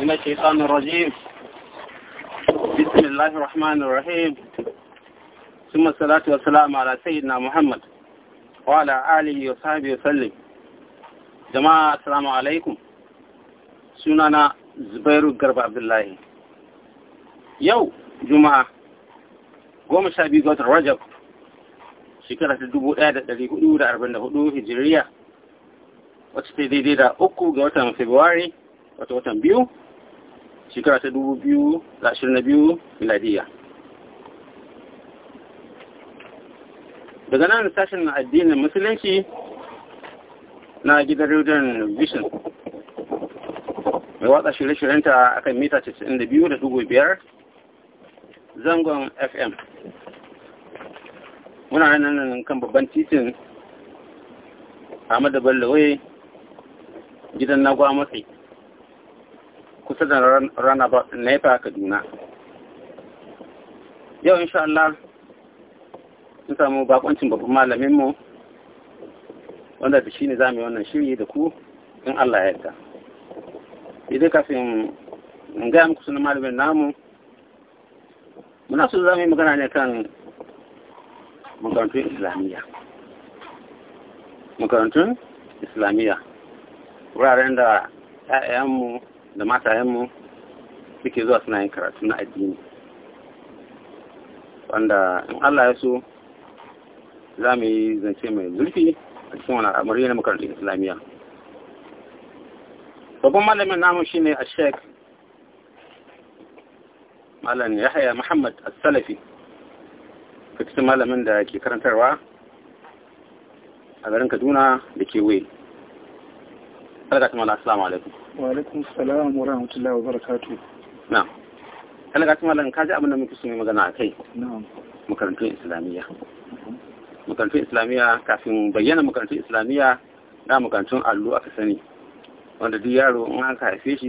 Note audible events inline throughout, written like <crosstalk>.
من الشيطان الرجيم بسم الله الرحمن الرحيم ثم الصلاة والسلام على سيدنا محمد وعلى آله وصحبه وسلم جماعة السلام عليكم سنانا زبير القرب عبد الله يو جمعة goma sha biyu ga watan rajab shekara ta dubu ɗaya da ɗari hudu da arba'in da hudu hijiriya wacce ta daidai da uku ga watan februari wata watan biyu shekara ta 2022 miladiya daga nan sashen addinin musulunci na gidan rudin vision mai watsa shirye-shiryenta akan mita 92.5 zangon fm muna nan kan babban titin ahmadu bello gidan na gwamnati. matsayi kusa da rana ba na yafa kaduna yau insha Allah sun samu bakoncin babban malaminmu wanda da shi ne za mu yi wannan shiri da ku in Allah ya ta idan kafin in gaya muku sunan malamin namu muna so za mu yi magana ne kan makarantun islamiyya makarantun islamiyya wuraren da 'ya'yanmu da matayenmu suke zuwa suna yin karatu na addini wanda in Allah ya so za mu yi zance mai zurfi a cikin wani al'amari na makarantar islamiyya babban malamin namu shine a shek. malam ya haya muhammad al salafi ka cikin malamin da ke karantarwa a garin kaduna da ke waye. Alakatu wani Assalamu alaikum. wa alaikum salam wa rahmatullahi wa barakatuh na kana ga malam ka ji abin da muke so magana akai na'am makarantun islamiyya makarantun islamiyya kafin bayyana makarantun islamiyya na makarantun allo aka sani wanda duk yaro in aka haife shi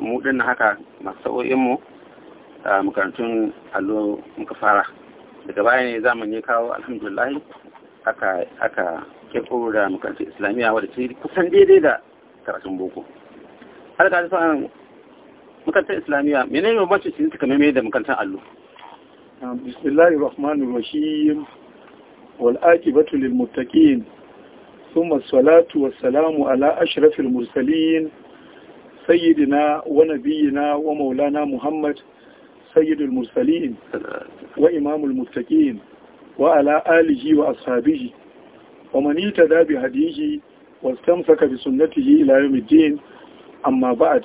mu din haka masu sa'o'in mu a makarantun allo muka fara daga baya ne zamani kawo alhamdulillah aka aka kekuru da makarantun islamiyya wadda ce kusan daidai da karatun boko har ka tafi makarantar islamiyya menene bambanci cikin suka meme da makarantar allo bismillahir rahmanir rahim wal aqibatu lil muttaqin thumma salatu was salamu ala ashrafil mursalin sayyidina wa nabiyyina wa maulana muhammad sayyidul mursalin wa imamul muttaqin wa ala alihi wa ashabihi ومن يتدى بهديه واستمسك بسنته إلى يوم الدين amma ba'ad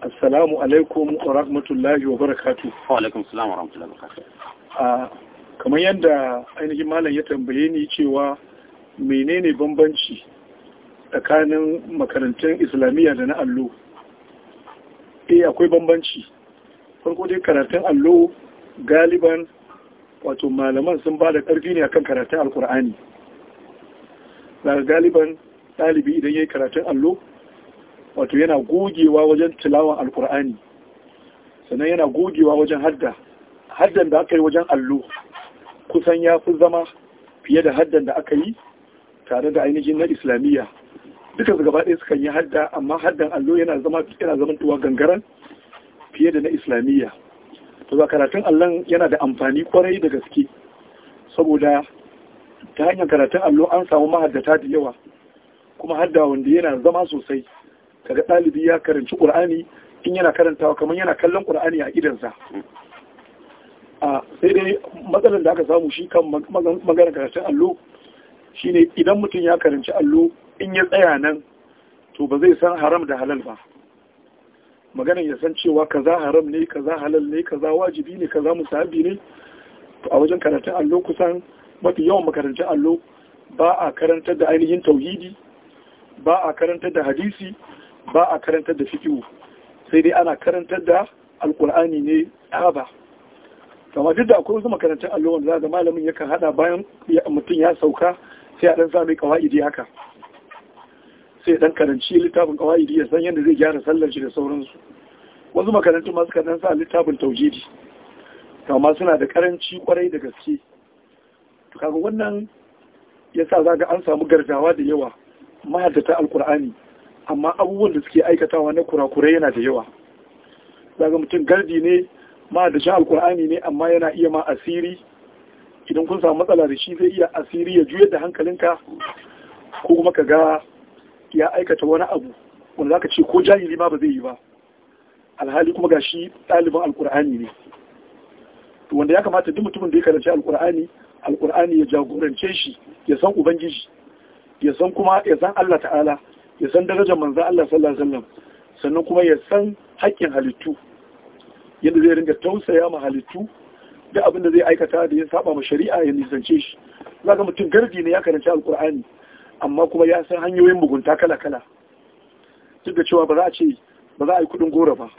assalamu alaikum wa rahmatullahi wa barakatu wa alaikum salam wa rahmatullahi wa barakatu kamar yadda ainihin malam ya tambaye ni cewa menene bambanci tsakanin makarantun islamiyya da na allo eh akwai bambanci farko dai karatun allo galiban wato malaman sun ba da ƙarfi ne akan karatun alkur'ani daga galiban ɗalibi idan ya yi karatun allo wato yana gogewa wajen tilawan alkur'ani sannan yana gogewa wajen hadda haddan da aka yi wajen allo kusan ya fi zama fiye da haddan da aka yi tare da ainihin na islamiyya duka su gaba ɗaya kan yi hadda amma haddan allo yana zama yana zaman tuwa gangaren fiye da na islamiyya to ba karatun allon yana da amfani kwarai da gaske saboda ta hanyar karatun allo an samu mahaddata da yawa kuma hadda wanda yana zama sosai kaga ɗalibi ya karanci ƙur'ani in yana karantawa kamar yana kallon ƙur'ani a idansa a sai dai matsalar da aka samu shi kan magana karatun allo shine idan mutum ya karanci allo in ya tsaya nan to ba zai san haram da halal ba maganar ya san cewa kaza haram ne kaza halal ne kaza wajibi ne kaza musahabi ne a wajen karatun allo kusan mafi yawan makarantun allo ba a karantar da ainihin tauhidi ba a karantar da hadisi ba a karantar da fikihu sai dai ana karantar da alkur'ani ne tsaba kama duk da akwai wasu makarantar allo wanda za ga malamin yakan hada bayan mutum ya sauka sai a dan sami kawaidi haka sai dan karanci littafin kawaidi ya san yadda zai gyara sallar shi da sauransu wasu makarantun masu kadan sa littafin tauhidi kama suna da karanci kwarai da gaske kaga wannan yasa za ga an samu gargawa da yawa mahaddata alkur'ani amma abubuwan da suke aikatawa na kurakurai yana da yawa daga mutum gardi ne ma da shi alkur'ani ne amma yana iya ma asiri idan kun samu matsala da shi zai iya asiri ya juya da hankalinka ko kuma ka ga ya aikata wani abu wanda zaka ce ko jahili ma ba zai yi ba alhali kuma ga shi ɗaliban alkur'ani ne wanda ya kamata duk mutumin da ya karanci alkur'ani alkur'ani ya jagorance shi ya san ubangiji ya san kuma ya san Allah ta'ala ya san darajar manzan Allah sallallahu alaihi wasallam sannan kuma ya san haƙƙin halittu yadda zai ringa tausaya ma halittu da abin da zai aikata da ya saba ma shari'a ya nisance shi za ga mutum garbi ne ya karanci alkur'ani amma kuma ya san hanyoyin mugunta kala kala duk da cewa ba za a ce ba za a yi kuɗin gora ba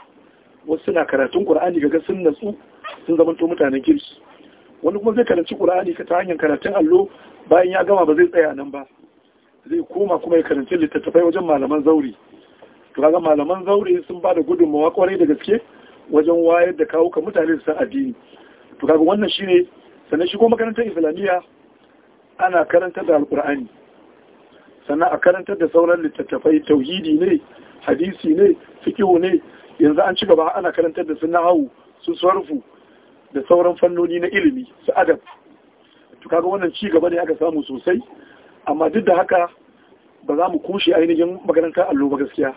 wasu suna karatun ƙur'ani ga sun natsu sun zama to mutanen kirki wani kuma zai karanci qur'ani ta hanyar karatun allo bayan ya gama ba zai tsaya nan ba zai koma kuma ya karanci littattafai wajen malaman zauri kaga malaman zauri sun ba da gudunmawa kwarai da gaske wajen wayar da kawo ka mutane su san addini to kaga wannan shine sannan shi ko makarantar islamiyya ana karantar da alkur'ani sannan a karantar da sauran littattafai tauhidi ne hadisi ne fikihu ne yanzu an ci gaba ana karantar da su su sarfu da sauran fannoni na ilimi su adab to kaga wannan ci gaba ne aka samu sosai amma duk da haka ba za mu kushe ainihin makarantar allo ba gaskiya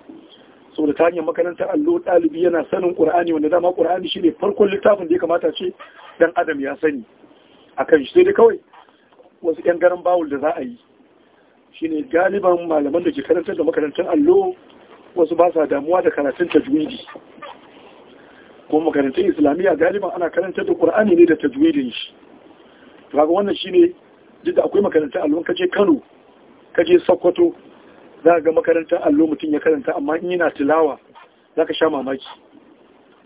da ta hanyar makarantar allo ɗalibi yana sanin ƙura'ani. wanda dama ƙura'ani shi ne farkon littafin da ya kamata ce dan adam ya sani A kan shi sai dai kawai wasu ƴan garin bawul da za a yi shi ne galiban malaman da ke karantar da makarantar allo wasu ba sa damuwa da karatun tajwidi kuma makarantar islamiyya galiban ana karantar da ƙura'ani ne da tajwidin shi kaga wannan shi ne. duk akwai makarantar allo je kano ka je sokoto za ga makarantar allo mutum ya karanta amma in yana tilawa za ka sha mamaki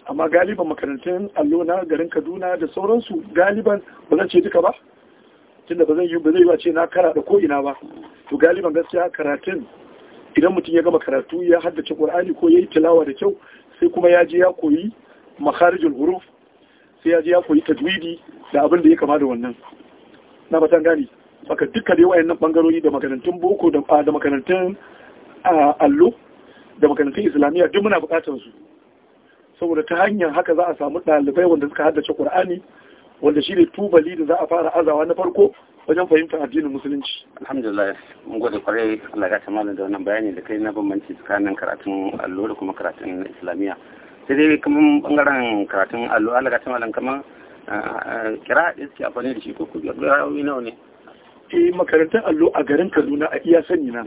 amma galiban makarantun allo na garin kaduna da sauransu galiban ba zan ce duka ba tunda ba zai yi ba zai yi ce na kara da ko'ina ba to galiban gaskiya karatun idan mutum ya gama karatu ya haddace qur'ani ko ya yi tilawa da kyau sai kuma ya je ya koyi makharijul huruf sai ya je ya koyi tajwidi da abin da ya kama da wannan na batan gani baka duka yawan wayannan bangarori da makarantun boko da ah, makarantun ah, allo da makarantun islamiyya duk muna bukatar su saboda ta hanyar haka za a samu ɗalibai wanda suka haddace qur'ani wanda shi tubali da za a fara azawa na farko wajen fahimtar addinin musulunci. Alhamdulillah, mun gode kwarai Allah ya malam da wannan bayani da kai na bambanci tsakanin karatun allo da kuma karatun islamiyya. Sai dai kaman bangaren karatun allo Allah ya malam kamar kira ɗin suke amfani da shi ko kuma rayoyi nawa ne eh makarantar allo a garin kaduna a iya sani na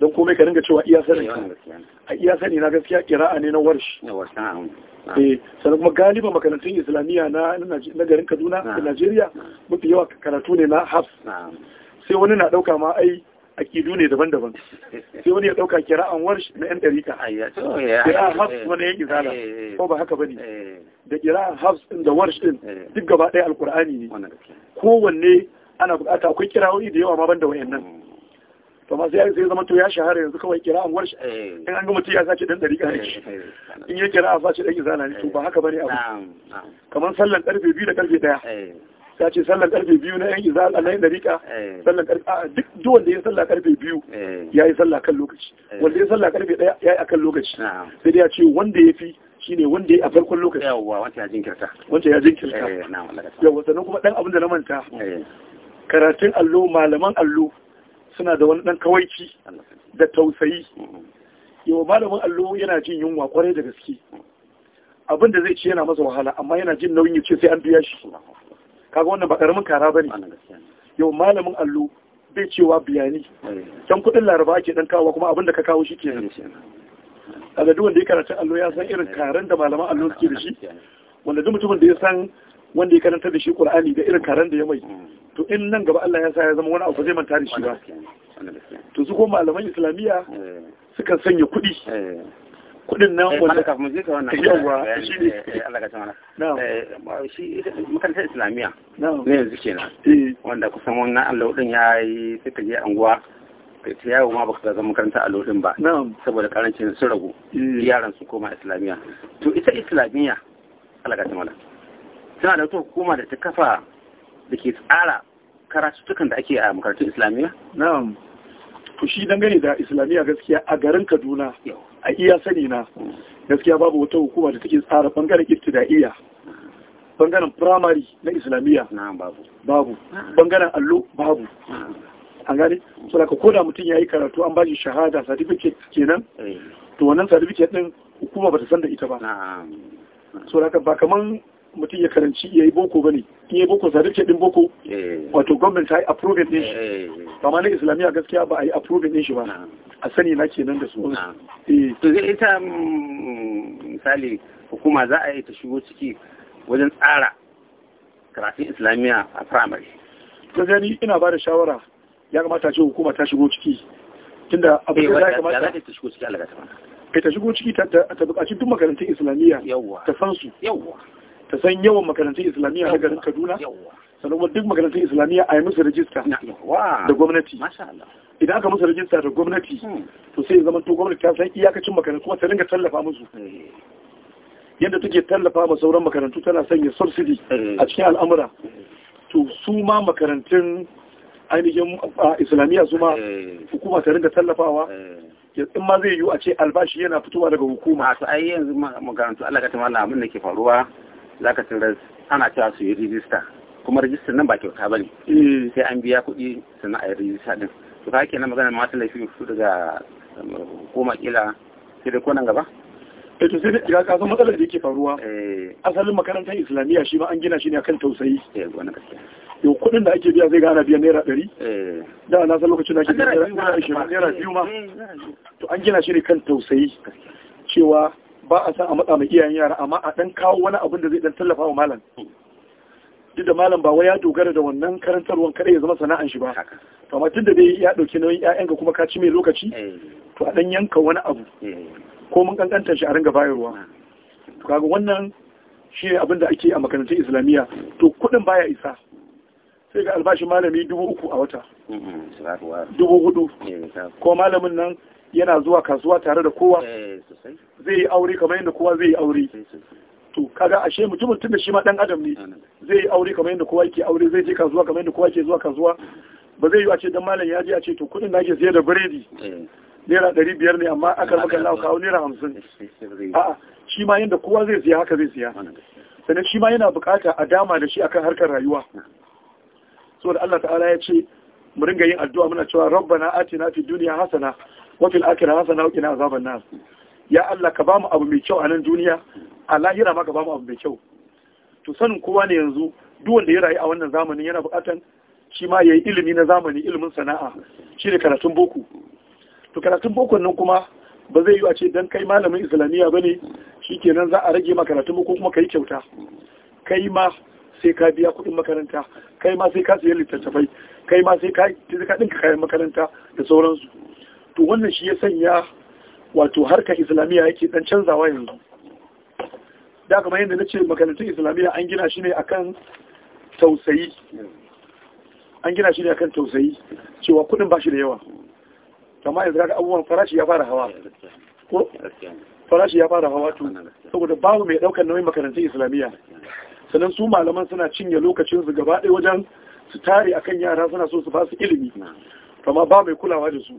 don komai ka ringa cewa iya sani a iya sani na gaskiya kira'a ne na warshi eh sannan kuma galiba makarantun islamiyya na na garin kaduna da najeriya mafi yawa karatu ne na hafs sai wani na ɗauka ma ai akidu ne daban-daban sai wani ya dauka kira'an warsh na yan dariƙa kira'an hafs eh, wani yan eh, izala eh, ko ba haka bane da kira'an hafs din da warsh din duk gaba ɗaya alkur'ani ne kowanne ana bukata akwai kira'o'i da yawa ma banda wayannan mm. to ma sai sai zama to ya shahara yanzu kawai kira'an warsh in an ga mutum ya sace dan dariƙa ne in ya kira'a sace dan izala ne to ba haka bane abu kamar sallan karfe biyu da karfe ɗaya. ya ce sallan karfe biyu na yan izala na yan dariƙa eh. sallan karfe duk duk wanda ya sallan karfe biyu eh. ya yi sallah kan lokaci eh. wanda ya sallan karfe daya ya yi akan lokaci sai dai ya ce wanda ya fi shine wanda ya a farkon lokaci yawwa wanda ya jinkirta wanda ya jinkirta sannan kuma dan abin da na manta karatun allo malaman allo suna da wani dan kawaici da tausayi mm-hmm. yawwa malamin allo yana jin yunwa kwarai da gaske mm. abin da zai ci yana masa wahala amma yana jin nauyin ya ce sai an biya shi kaga wannan ba karamin kara bane yau malamin allo bai cewa bayani eh. can kudin laraba ake dan kawo kuma abinda ka kawo shi kenan kaga duk wanda ya karanta allo ya san irin eh. karan da malaman allo suke da shi wanda duk mutumin da ya san wanda ya karanta da shi qur'ani da irin karan da ya mai hmm. to in nan gaba Allah ya sa ya zama wani abu zai manta da shi ba to su ko malaman islamiyya eh. suka sanya kuɗi kudin nan eh, wanda kafin mu wannan <laughs> yawa eh, shi ne eh, Allah ka tsamana shi makarantar islamiyya ne yanzu kenan wanda kusan wannan Allah din ya yi sai ka je anguwa ta yawo ma baka zama makaranta a lodin ba saboda karancin sun ragu yaran su koma islamiyya to ita islamiyya Allah ka tsamana tana da hukuma da ta kafa da ke tsara karatutukan da ake a makarantun islamiyya na'am fushi shi dangane da islamiyya gaskiya a garin kaduna a iya sani na gaskiya babu wata hukuma da take tsara bangaren ibtida'iyya bangaren primary na islamiyya babu bangaren allo babu an gane so da koda mutum ya yi karatu an bashi shahada certificate kenan eh. to wannan certificate din hukuma bata san da ita ba so da ba kaman mutum ya karanci ya yi boko ba ne in yi boko sadake din boko eh. wato gwamnati ta yi approving din shi eh. ma na islamiyya gaskiya ba a yi approving din shi ba a sani na nan da su eh. to zai ita mm, misali hukuma za a yi ta shigo ciki wajen tsara karatun islamiyya a primary to gani ina ba da shawara ya kamata ce hukuma ta shigo ciki tunda abu da ya kamata ta shigo ciki Allah ta shigo ciki ta buƙaci duk makarantar islamiyya ta san su yawwa ta san yawan makarantun islamiyya na garin kaduna sanarwar duk makarantun islamiyya a yi musu rajista da gwamnati idan aka musu rajista da gwamnati hmm. to sai zama to gwamnati ta san iyakacin makarantu wata ta dinga tallafa musu eh. yadda take tallafa ma sauran makarantu tana sanya subsidy eh. a cikin al'amura eh. to su ma makarantun ainihin islamiyya su ma hukuma ta ringa tallafawa in ma zai yiwu a ce albashi yana fitowa daga hukuma a ai yanzu makarantu Allah ka tamala abin da ke faruwa za ka tarar ana cewa su yi rijista kuma rijistar nan ba kyauta ba ne hmm. sai an biya kuɗi sannan a yi rijista ɗin to ka ke nan magana masu laifi su daga um, koma kila sai dai konan gaba eh to sai da ga kasan matsalar da yake faruwa eh. asalin makarantar islamiyya shi ma an gina shi ne akan tausayi eh gaskiya yau kudin da ake biya zai gana biyan naira ɗari eh. da na san lokacin da ake biya naira biyu ma hmm, to an gina shi ne kan tausayi cewa ba a san a matsa mai iyayen yara amma a dan kawo wani abin da zai dan tallafa wa malam hmm. duk da malam ba wai ya dogara da wannan karantarwan kada ya zama sana'an shi ba to amma tunda dai ya dauki nauyin ƴaƴan ka kuma ka ci mai lokaci eh. to a dan yanka wani abu eh. ko mun kankanta shi a ringa bayarwa ah. to kaga wannan shi ne abin da ake a makarantar islamiyya to kuɗin baya isa sai ga albashin malami dubu uku a wata hmm, hmm. dubu hudu eh, ko malamin nan yana zuwa kasuwa tare da kowa eh, zai yi aure kamar yadda kowa zai yi aure eh, to kaga ashe mutumin tun da shi ma dan adam ne zai yi aure kamar yadda kowa yake aure zai je kasuwa kamar yadda kowa yake zuwa kasuwa ba zai yi a ce dan malam ya je a ce to kudin da ake siya da biredi eh. naira ɗari biyar ne amma aka maka na kawo naira hamsin a'a shi ma yadda kowa zai siya haka zai siya sannan shi ma yana bukata a dama da shi akan harkar rayuwa saboda Allah ta'ala ya ce mu ringa yin addu'a muna cewa rabbana atina fid dunya hasana wa Akira, akhirati hasana na azaban nan? ya Allah ka bamu abu mai kyau a nan duniya a lahira ma ka bamu abu mai kyau to sanin kowa ne yanzu duk wanda ya rayu a wannan zamanin yana bukatan shi ma yi ilimi na zamani ilimin sana'a shi ne karatun boko to karatun boko nan kuma ba zai yi a ce dan kai malamin islamiyya ba ne? shi nan za a rage ma karatun boko kuma yi kyauta kai ma sai ka biya kuɗin makaranta kai ma sai ka siya littattafai kai ma sai ka ɗinka kayan makaranta da sauransu to wannan shi ya sanya wato harkar islamiyya yake dan canzawa yanzu da kamar yadda na ce makarantun islamiyya an gina shi ne akan tausayi an gina shi ne akan tausayi cewa kudin ba shi da yawa amma yanzu ga abubuwan farashi ya fara hawa ko farashi ya fara hawa to saboda babu mai daukar nauyin makarantun islamiyya sannan su malaman suna cinye lokacin su gaba ɗaya wajen su tare akan yara suna so su ba su ilimi kama ba mai kulawa da su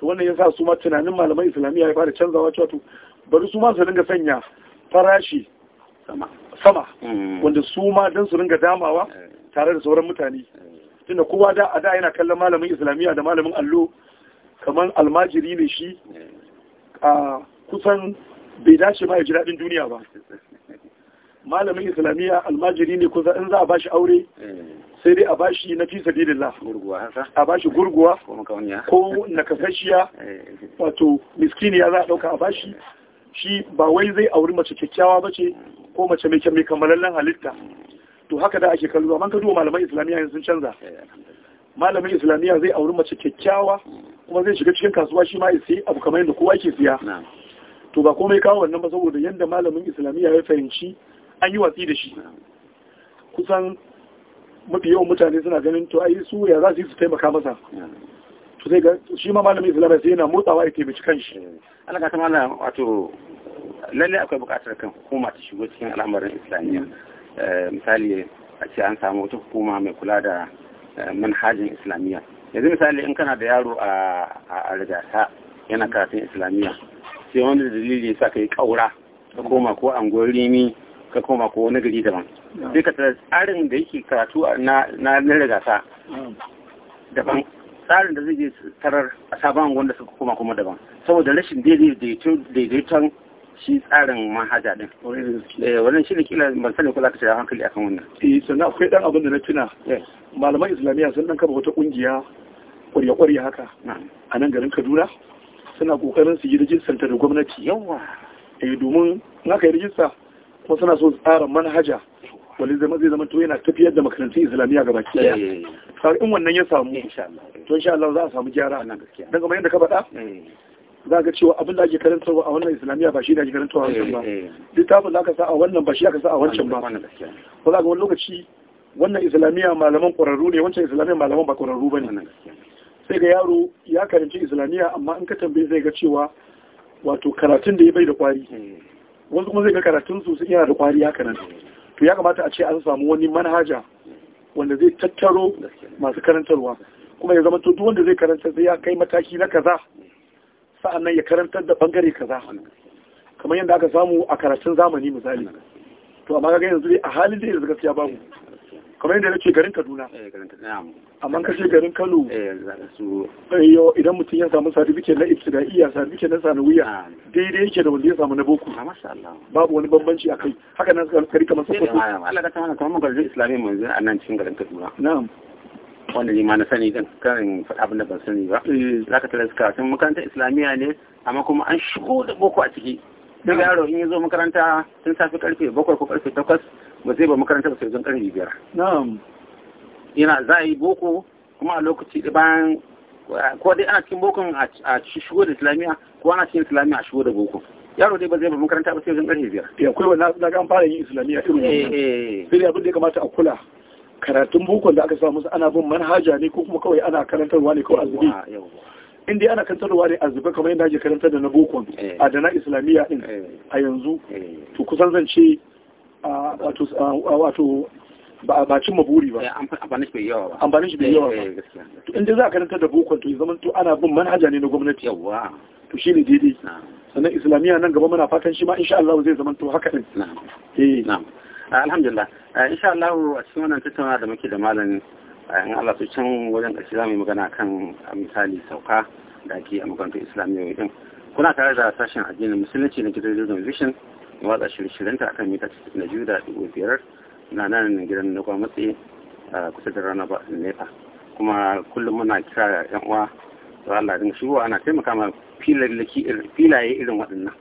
to wannan sa su ma tunanin malaman islamiyya ya fara canzawa cewa bari su ma su dinga sanya farashi sama mm. wanda su ma don su dinga damawa eh. tare da sauran mutane eh. tunda kowa da a da yana kallon malamin islamiyya da malamin allo kamar almajiri ne shi eh. a kusan bai dace ma ya ji daɗin duniya ba <laughs> malamin islamiyya almajiri ne kusa in za a ba bashi aure sai dai a bashi na fi sabilillah a bashi gurguwa ko nakasashiya eh. wato ya za a dauka a bashi shi ba wai zai auri mace kyakkyawa ba ce ko mace mai mai kammalallen halitta to haka da ake kallo amma ka duba malaman islamiyya yanzu sun canza eh, malamin islamiyya zai auri mace kyakkyawa kuma zai shiga cikin kasuwa shi ma ya sayi abu kamar yadda kowa ke siya to ba komai kawo wannan ba saboda yadda malamin islamiyya ya fahimci an yi watsi da shi kusan mafi yawan mutane suna ganin to ai su ya za su yi su taimaka masa to sai ga shi ma malamin islam sai yana motsawa ya taimaki kanshi eh, ana ka wato lalle akwai bukatar kan hukuma ta shigo cikin al'amarin islamiyya eh, misali a ce an samu wata hukuma mai kula da eh, manhajin islamiyya yanzu misali in kana da yaro a rigata yana karatun islamiyya sai wanda dalili ya sa ka yi kaura ka koma ko angolini ka koma ko wani gari daban duka tsarin da yake karatu na na rigasa daban tsarin da zai je tarar a sabon wanda suka koma kuma daban saboda rashin daidaiton shi tsarin manhaja din eh, wannan shi ne kila ban sani ko za ka shiga hankali akan wannan eh sannan akwai dan abin da na tuna malaman islamiyya sun dan kafa wata kungiya kwarya-kwarya haka a nan garin kaduna suna kokarin su yi rijistar da gwamnati yawa eh, domin in aka yi rijista kuma suna so tsara manhaja wani zama zai zama to yana tafiyar da makarantun islamiyya ga baki daya eh. in wannan ya samu to insha Allah za a samu gyara a nan gaskiya dan kamar yadda ka faɗa eh. za ga cewa abin da ake karantarwa a wannan islamiyya ba shi da ake karantarwa a wancan ba eh, littafin da aka sa a wannan ba shi aka sa a wancan ba ko za ga wani lokaci wannan islamiyya malaman ƙwararru ne wancan islamiyya malaman ba ƙwararru ba ne sai ga yaro ya karanci islamiyya amma in ka tambaye zai ga cewa wato karatun da ya bai da ƙwari wasu kuma zai ga karatun su yana da kwari haka nan to ya kamata a ce an samu wani manhaja wanda zai tattaro masu karantarwa kuma ya zama to duk wanda zai karanta zai ya kai mataki na kaza sa'annan ya karantar da bangare kaza kamar yadda aka samu a karatun zamani misali to amma ga yanzu a halin da yanzu gaskiya babu kamar yadda na ce garin kaduna eh, amma kashe garin kano eh, eh, idan mutum ya samu sadifiket na ibtidaiya sadifiket na sanawiya daidai yake da wanda ya samu na boko ah, babu wani bambanci a kai haka nan suka kari ah, kamar sokoto Allah ka tana kamar garin islamiyya mun zai a cikin garin kaduna na'am wanda ni ma na sani dan karin faɗa abin da ban sani ba zaka tare suka sun makarantar islamiyya ne amma kuma an shigo da boko a ciki daga yaro in ya zo makaranta tun safi karfe bakwai ko karfe takwas ba zai ba makaranta ba sai zan karni biyar yana za a yi boko kuma a lokaci da bayan ko dai ana cikin bokon a shigo da islamiyya ko ana cikin islamiyya a shigo da boko. yaro dai ba zai ba makaranta ba sai wajen karni biyar. ya kula na na ga an fara yin islamiyya irin wannan eh, eh, eh. sai abin da ya kamata a kula karatun bokon da aka sa musu ana bin manhaja ne ko kuma kawai ana karantarwa ne kawai azumi. in dai ana karantarwa ne azubi kamar yadda ake karantar da na bokon a da na islamiyya din a yanzu to kusan zan ce wato ba cin maburi eh, ba amfanin shi yawa ba bai yawa ba eh, eh, to inda za a karanta da bokon to zaman to ana bin manhaja ne na gwamnati yawa to shi ne daidai sannan islamiyya nan gaba muna fatan shi ma insha Allah zai zaman to haka din eh na'am ah, alhamdulillah ah, insha Allah a cikin wannan tattauna da muke da malami. Ah, in Allah su can wajen ƙarshe za mu yi magana kan misali sauka da ake a makarantar islamiyya din kuna tare da sashen addinin musulunci na gidan vision watsa shirye-shiryenta akan mita biyar na nan gidan na matse a kusa da rana ba nefa kuma kullum muna kira yan uwa da Allah dinga shi ana taimaka ma filaye irin waɗannan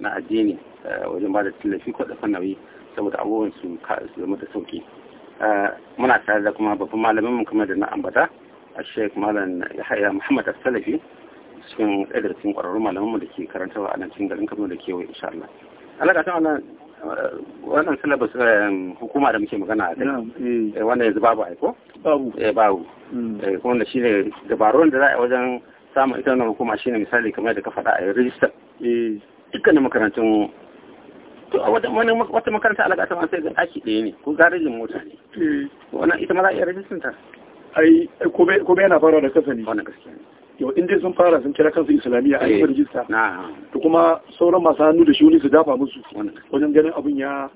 na addini wajen ba da tallafi ko da fannawi saboda abubuwan su zama da sauki muna tare da kuma babban malamin mu kamar da na ambata a sheik malam yahaya muhammad salafi cikin ɗaya cikin ƙwararrun malamin mu da ke karantarwa a nan cikin garin kano da kewaye insha Allah alaka ta wannan wannan syllabus eh, hukuma da muke magana a kai eh. Eh, wanda yanzu babu aiko babu eh babu mm. eh kuma shine dabarun da za a wajen samun ita wannan hukuma shine misali kamar da ka faɗa a register eh dukkanin makarantun to a wata wani wata makaranta alaka ta sai ga daki ɗaya ne ko garejin mota ne wannan ita ma za a iya rajistar ta ai ko yana fara da kasa ne wannan gaskiya ne yau inda sun fara sun kira kansu islamiyya a yi eh, rijista da kuma sauran masu hannu da shuni su dafa musu wajen ganin abin ya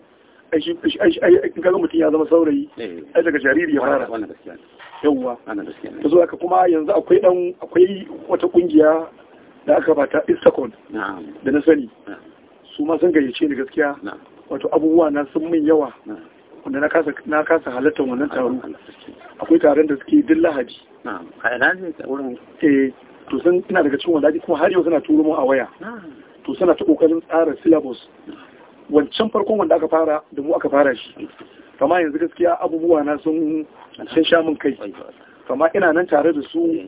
aikin kaga mutum ya zama saurayi eh. ai daga jariri ya fara yauwa ta zo aka kuma yanzu akwai dan akwai wata kungiya da aka bata istakon da na sani su ma sun gayyace ni gaskiya wato abubuwa na sun min yawa wanda na kasa halartar wannan taro akwai taron da suke duk lahaji a ina ne wurin eh to sun ina daga cikin wadaji kuma har yau suna turo mu a waya to suna ta kokarin tsara syllabus wancan farkon wanda aka fara da mu aka fara shi kama yanzu gaskiya abubuwa na sun sun sha min kai kama ina nan tare da su eh,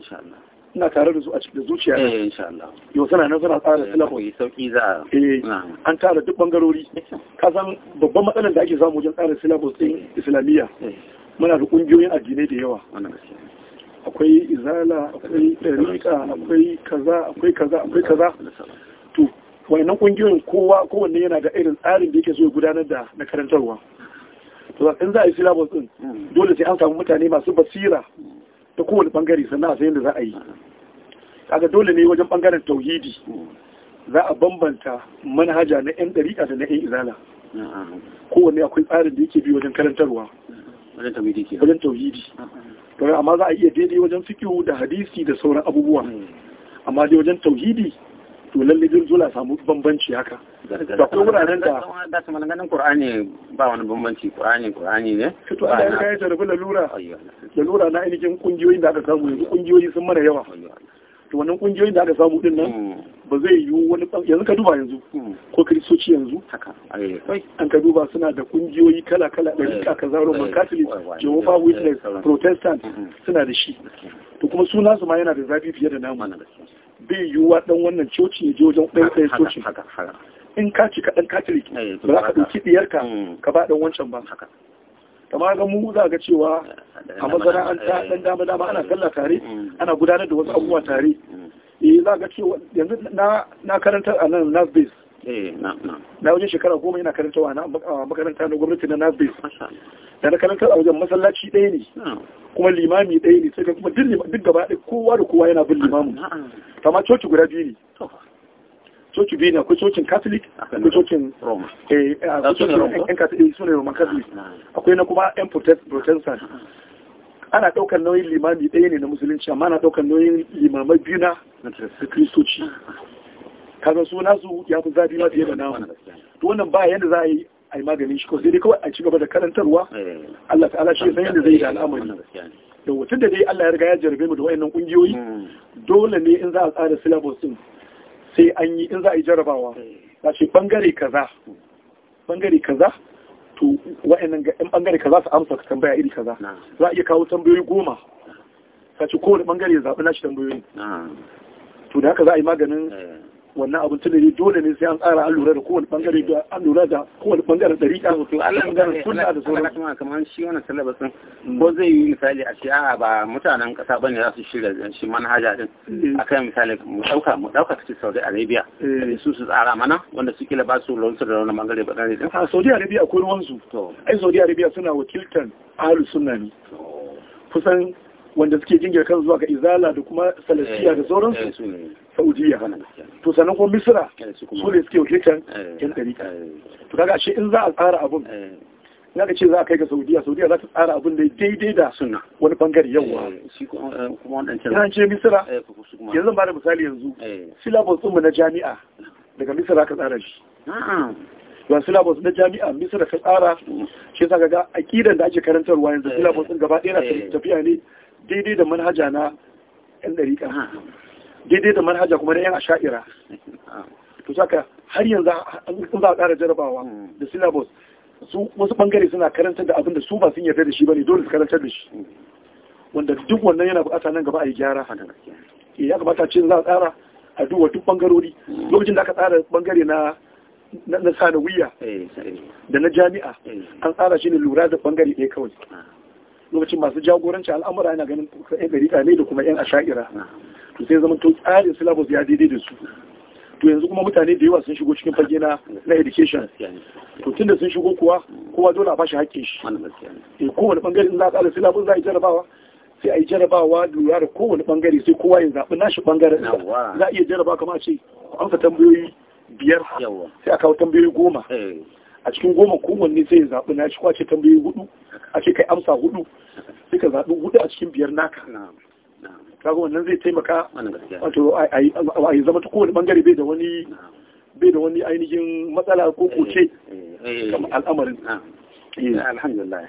ina tare da su a cikin zuciya eh insha Allah yau suna nan suna tsara eh, syllabus sauki za eh an tara duk bangarori ka san babban matsalar da ake samu wajen tsara syllabus din islamiyya eh. muna da kungiyoyin addinai da yawa akwai izala akwai ɗariƙa akwai kaza akwai kaza akwai kaza to wayannan ƙungiyoyin kowa kowanne yana da irin tsarin da yake so ya gudanar da na karantarwa to in za a yi syllabus din dole sai an samu mutane masu basira ta kowane bangare sannan a sayin da za a yi kaga dole ne wajen bangaren tauhidi za a bambanta manhaja na yan dariƙa da na yan izala kowanne akwai tsarin da yake bi wajen karantarwa wajen tauhidi kuma amma za a iya daidai wajen fikihu da hadisi da sauran abubuwa amma dai wajen tauhidi to lalle zulzula samu bambanci haka da kuma wuraren da da su malanganin qur'ani ba wani bambanci qur'ani qur'ani ne to Allah ya kai da rubu lalura lalura na ainihin kungiyoyin da aka samu yanzu kungiyoyi sun mana yawa to wannan kungiyoyin da aka samu din nan hmm. ba zai yiwu wani yanzu ka duba yanzu hmm. ko kristoci yanzu haka an ka duba suna da kungiyoyi kala kala eh. ɗari ka kaza roman eh. catholic jehovah witness eh, protestant hmm. suna da shi to kuma su ma yana da zafi fiye da namu bai yiwuwa dan wannan coci ya je wajen ɗaya ɗaya coci in ka ci ɗan catholic ba za ka ɗauki ɗiyarka ka ba ɗan wancan ba kamar ga mu za ga cewa a ta dan eh. dama dama ana kalla tare mm. ana gudanar da wasu mm. abubuwa tare mm. eh za ga cewa yanzu na na karanta a nan NASBIS eh, na wajen shekara goma yana karantarwa a makaranta na gwamnati na NASBIS da na karantar a wajen masallaci ɗaya ne oh. kuma limami ɗaya ne sai kuma duk gaba ɗaya kowa da kowa yana bin ah, limamin amma coci guda biyu ne coci biyu ne akwai cocin catholic akwai cocin roma eh yan eh, catholic eh, su ne roman catholic ah. akwai na kuma yan protestant ana ɗaukar nauyin limami ɗaya ne na musulunci amma ana ɗaukar nauyin limamai biyu na kristoci kaga su nasu ya fi zafi ma fiye da namu to wannan ba yadda za a yi a yi maganin shi ko sai dai kawai a ci gaba da karantarwa eh. Allah ta'ala shi san yadda zai yi da al'amari da wutun da dai Allah ya riga ya jarabe mu da wayannan kungiyoyi hmm. dole ne in za a tsara syllabus din sai an yi in za a yi jarabawa ba ce bangare kaza bangare kaza to wa'annan in bangare kaza su amsa ka tambaya iri kaza za a iya kawo tambayoyi goma ka ce kowane bangare ya zaɓi nashi tambayoyi to da haka za a yi maganin eh. wannan abinci ne dole ne sai an tsara an lura da kowane bangare da an lura da kowane bangare da rika wato Allah bangaren sunna da sauran kuma kamar shi wani salabasin mm. ko zai yi misali a ce a'a ba mutanen kasa bane za su shirya shi manhaja din mm. kan misali mu dauka mu dauka kace Saudi Arabia mm. su su tsara mana wanda su kila ba su lonsu da wani bangare ba din a Saudi Arabia akwai wansu to ai Saudi Arabia suna wakiltan ahlus sunna ne kusan wanda suke jingirkan kan zuwa ga izala da kuma salafiya eh, da sauransu eh, saudiya to sannan kuma misira su ne suke wuce can yan tarika to kaga shi in za a tsara abun in aka ce za a kai ga saudiya saudiya za ta tsara abun da daidai da sunna wani bangare yawa eh, ina eh, ce misira eh, yanzu ba da misali yanzu syllabus mu na jami'a daga misira ka tsara shi ba syllabus na jami'a misira ka tsara shi sa kaga aqidan da ake karantarwa yanzu syllabus ɗin gaba ɗaya na tafiya ne daidai da manhaja na yan dariƙa daidai da manhaja kuma da yan asha'ira to saka har yanzu an za a ƙara jarabawa da syllabus su wasu bangare suna karantar da abin da su ba sun yarda da shi bane dole su karantar da shi wanda duk wannan yana bukata nan gaba a yi gyara eh, ya kamata ce za a tsara a duba duk bangarori mm. lokacin da aka tsara bangare na na eh, sanawiya da na jami'a eh. an tsara shi ne lura da bangare ɗaya kawai ah. lokacin masu jagoranci al'amura yana ganin yan ɗari ne da kuma yan asha'ira to sai zama to tsarin syllabus ya daidai da su to yanzu kuma mutane da yawa sun shigo cikin fage na na education to tunda sun shigo kuwa kowa dole a bashi haƙƙin shi eh kowane bangare in za ka alisa labun za a yi jarabawa sai a yi jarabawa lura da kowane bangare sai kowa ya zaɓi nashi bangare za a iya jarabawa kamar a ce an fa tambayoyi biyar sai a kawo tambayoyi goma eh. a cikin goma kowanne sai ya zaɓi na shi kwace tambayi hudu a ce kai amsa hudu sai ka zaɓi hudu a cikin biyar naka kaga wannan zai taimaka wato a yi zama ta kowane bangare bai da wani bai da wani ainihin matsala ko eh, koce eh, eh, kamar al'amarin alhamdulillah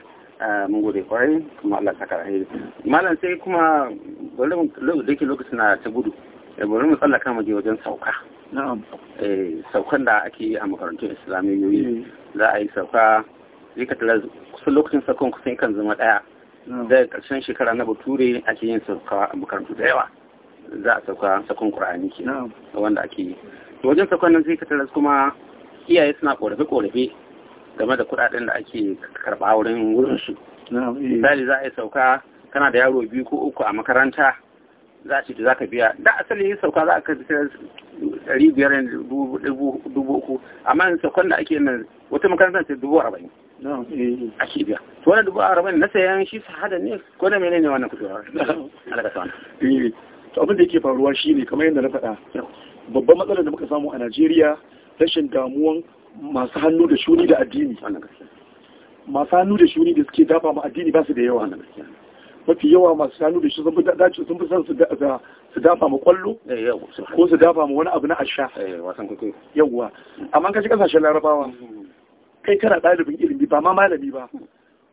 mun gode kwarai kuma Allah saka alheri malam sai kuma bari mu lokacin na ta gudu bari mu tsallaka mu je wajen sauka Eh, saukan da ake yi a makarantun islamiyoyi mm. za a yi sauka zika tara kusan lokacin saukan kusan kan zama daya daga karshen shekara na bature ake yin sauka a makarantu da yawa za a sauka saukan kur'ani ke wanda ake yi wajen saukan nan zika tara kuma iyaye suna korafe korafe game da kudaden da ake karba wurin wurin su eh. misali za a yi sauka kana da yaro biyu ko uku a makaranta za ce za ka biya da asali yin sauka za ka bisa ɗari biyar dubu uku amma yin saukan da ake nan wata makarantar ta dubu arba'in eh, eh. ake biya to wani dubu arba'in na sayan shi sahada ne ko na menene wannan kusurwa alakasa wani eh, to abin da yake faruwa shi ne kamar yadda na faɗa babban matsalar da muka samu a najeriya rashin damuwan masu hannu da shuni da addini masu hannu da shuni da suke dafa ma addini ba su da yawa mafi yawa masu shanu da shi sun fi dace sun fi son su dafa ma kwallo eh, ko su dafa ma wani abu na asha eh, yawwa amma kashi kasashen larabawa kai kana ɗalibin ilimi ba ma malami ba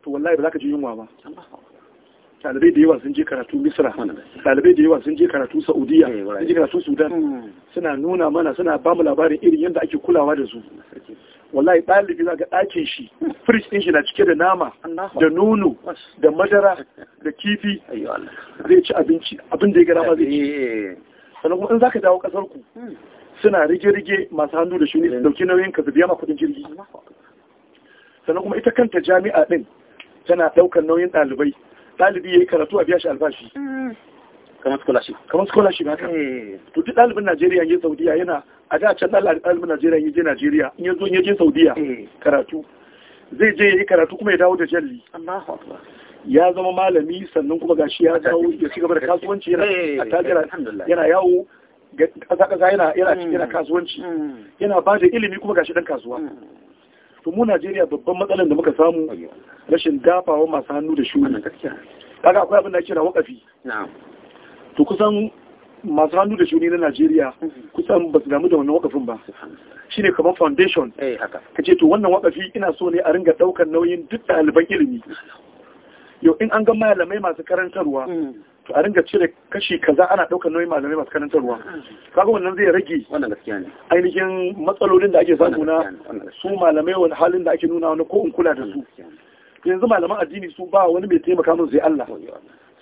to wallahi ba za ka ji yunwa ba talibai da yawa sun je karatu misira ɗalibai da yawa sun je karatu saudiya eh, sun je karatu sudan hmm. suna nuna mana suna ba mu labarin irin yadda ake kulawa da su wallahi ɗalibi za ka ɗakin shi <laughs> firij ɗin shi na cike da nama da nono da madara da kifi zai ci abinci abin da ya gara ma zai ci eh. sannan kuma in za ka dawo ƙasar ku hmm. suna rige-rige masu hannu da shuni su dauki eh. nauyin ka biya ma kuɗin jirgi sannan kuma ita kanta jami'a ɗin tana ɗaukar nauyin ɗalibai ɗalibi ya yi karatu a biya shi albashi hmm. kamar scholarship kamar scholarship haka eh. to duk dalibin Najeriya ya Saudiya yana a da can dalibin Najeriya ya je Najeriya in ya zo ya je Saudiya eh. karatu zai je ya yi karatu kuma ya dawo da jalli Allahu akbar ya zama malami sannan kuma gashi ya dawo ya ci gaba da kasuwanci yana eh, a tajira yana yawo kaza-kaza yana yana mm. kasuwanci mm. yana ba da ilimi kuma gashi dan kasuwa mm. to mu Najeriya babban matsalar da muka samu rashin dafawa masu hannu da shuni kaga akwai abin da ake kira wakafi to kusan masu hannu da shuni na Najeriya kusan ba su damu da wannan wakafin ba shi ne kamar foundation eh, ka ce to wannan wakafi ina so ne a ringa ɗaukar nauyin duk ɗaliban ilimi yau in an ga malamai masu karantarwa hmm. to a ringa cire kashi kaza ana ɗaukar nauyin malamai masu karantarwa kaga wannan zai rage ainihin matsalolin da ake samu na su malamai wani halin da ake nuna wani ko in kula da su yanzu malaman addini su ba wani mai taimaka musu sai Allah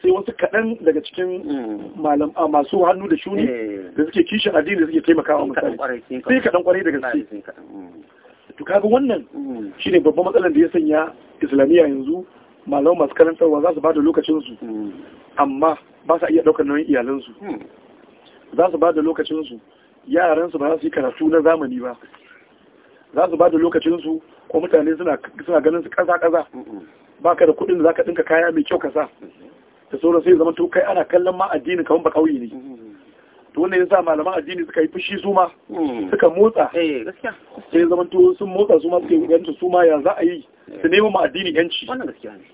sai wasu kaɗan daga cikin hmm. ah, masu hannu da shuni eh. da suke kishin addini da suke taimakawa mutane sai kaɗan kwarai daga suke hmm. to kaga wannan hmm. shine babban matsalar da ya sanya islamiyya yanzu malamai masu karantarwa za su ba da lokacinsu amma ba sa iya ɗaukar nauyin iyalansu za su ba lokacinsu yaransu ba za su yi karatu na zamani ba za su ba lokacinsu ko mutane suna ganin su kaza-kaza ba ka da kuɗin da za ka ɗinka kaya mai kyau ka sa da sauran sai zama kai ana kallon ma addini kamar ba kauye ne to wannan yasa malaman addini suka yi fushi su ma hmm. suka motsa eh, sai zama to sun motsa su ma suka yi yanci su ma ya za a yi su nemo ma addini yanci wannan gaskiya ne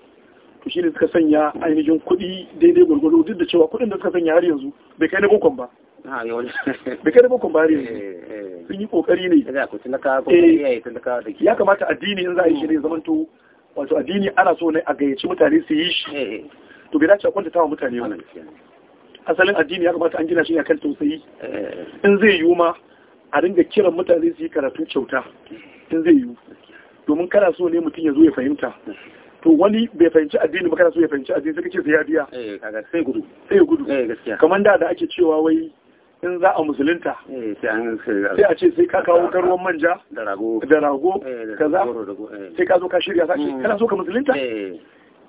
to shine suka sanya ainihin kuɗi daidai gurgurdo duk da cewa kuɗin da suka sanya har yanzu bai kai na bokon ba bai kai na bokon ba har yanzu eh, eh. sun yi kokari ne ya kamata addini in za a yi shi ne zamantu wato addini ana so ne a gayyaci mutane su yi shi to bai dace a kwanta tawa mutane ba asalin addini ya kamata an gina shi akan tausayi eh. in zai yiwu ma a dinga kiran mutane su yi karatu kyauta in zai yiwu domin kana so ne mutum ya zo ya fahimta to wani bai fahimci addini ba kana so ya fahimci addini sai kace sai ya biya eh, sai gudu sai gudu eh, kamar da da ake cewa wai in za a musulunta sai a ce sai ka kawo karuwan manja da rago kaza sai ka zo ka shirya sashi mm. kana so ka musulunta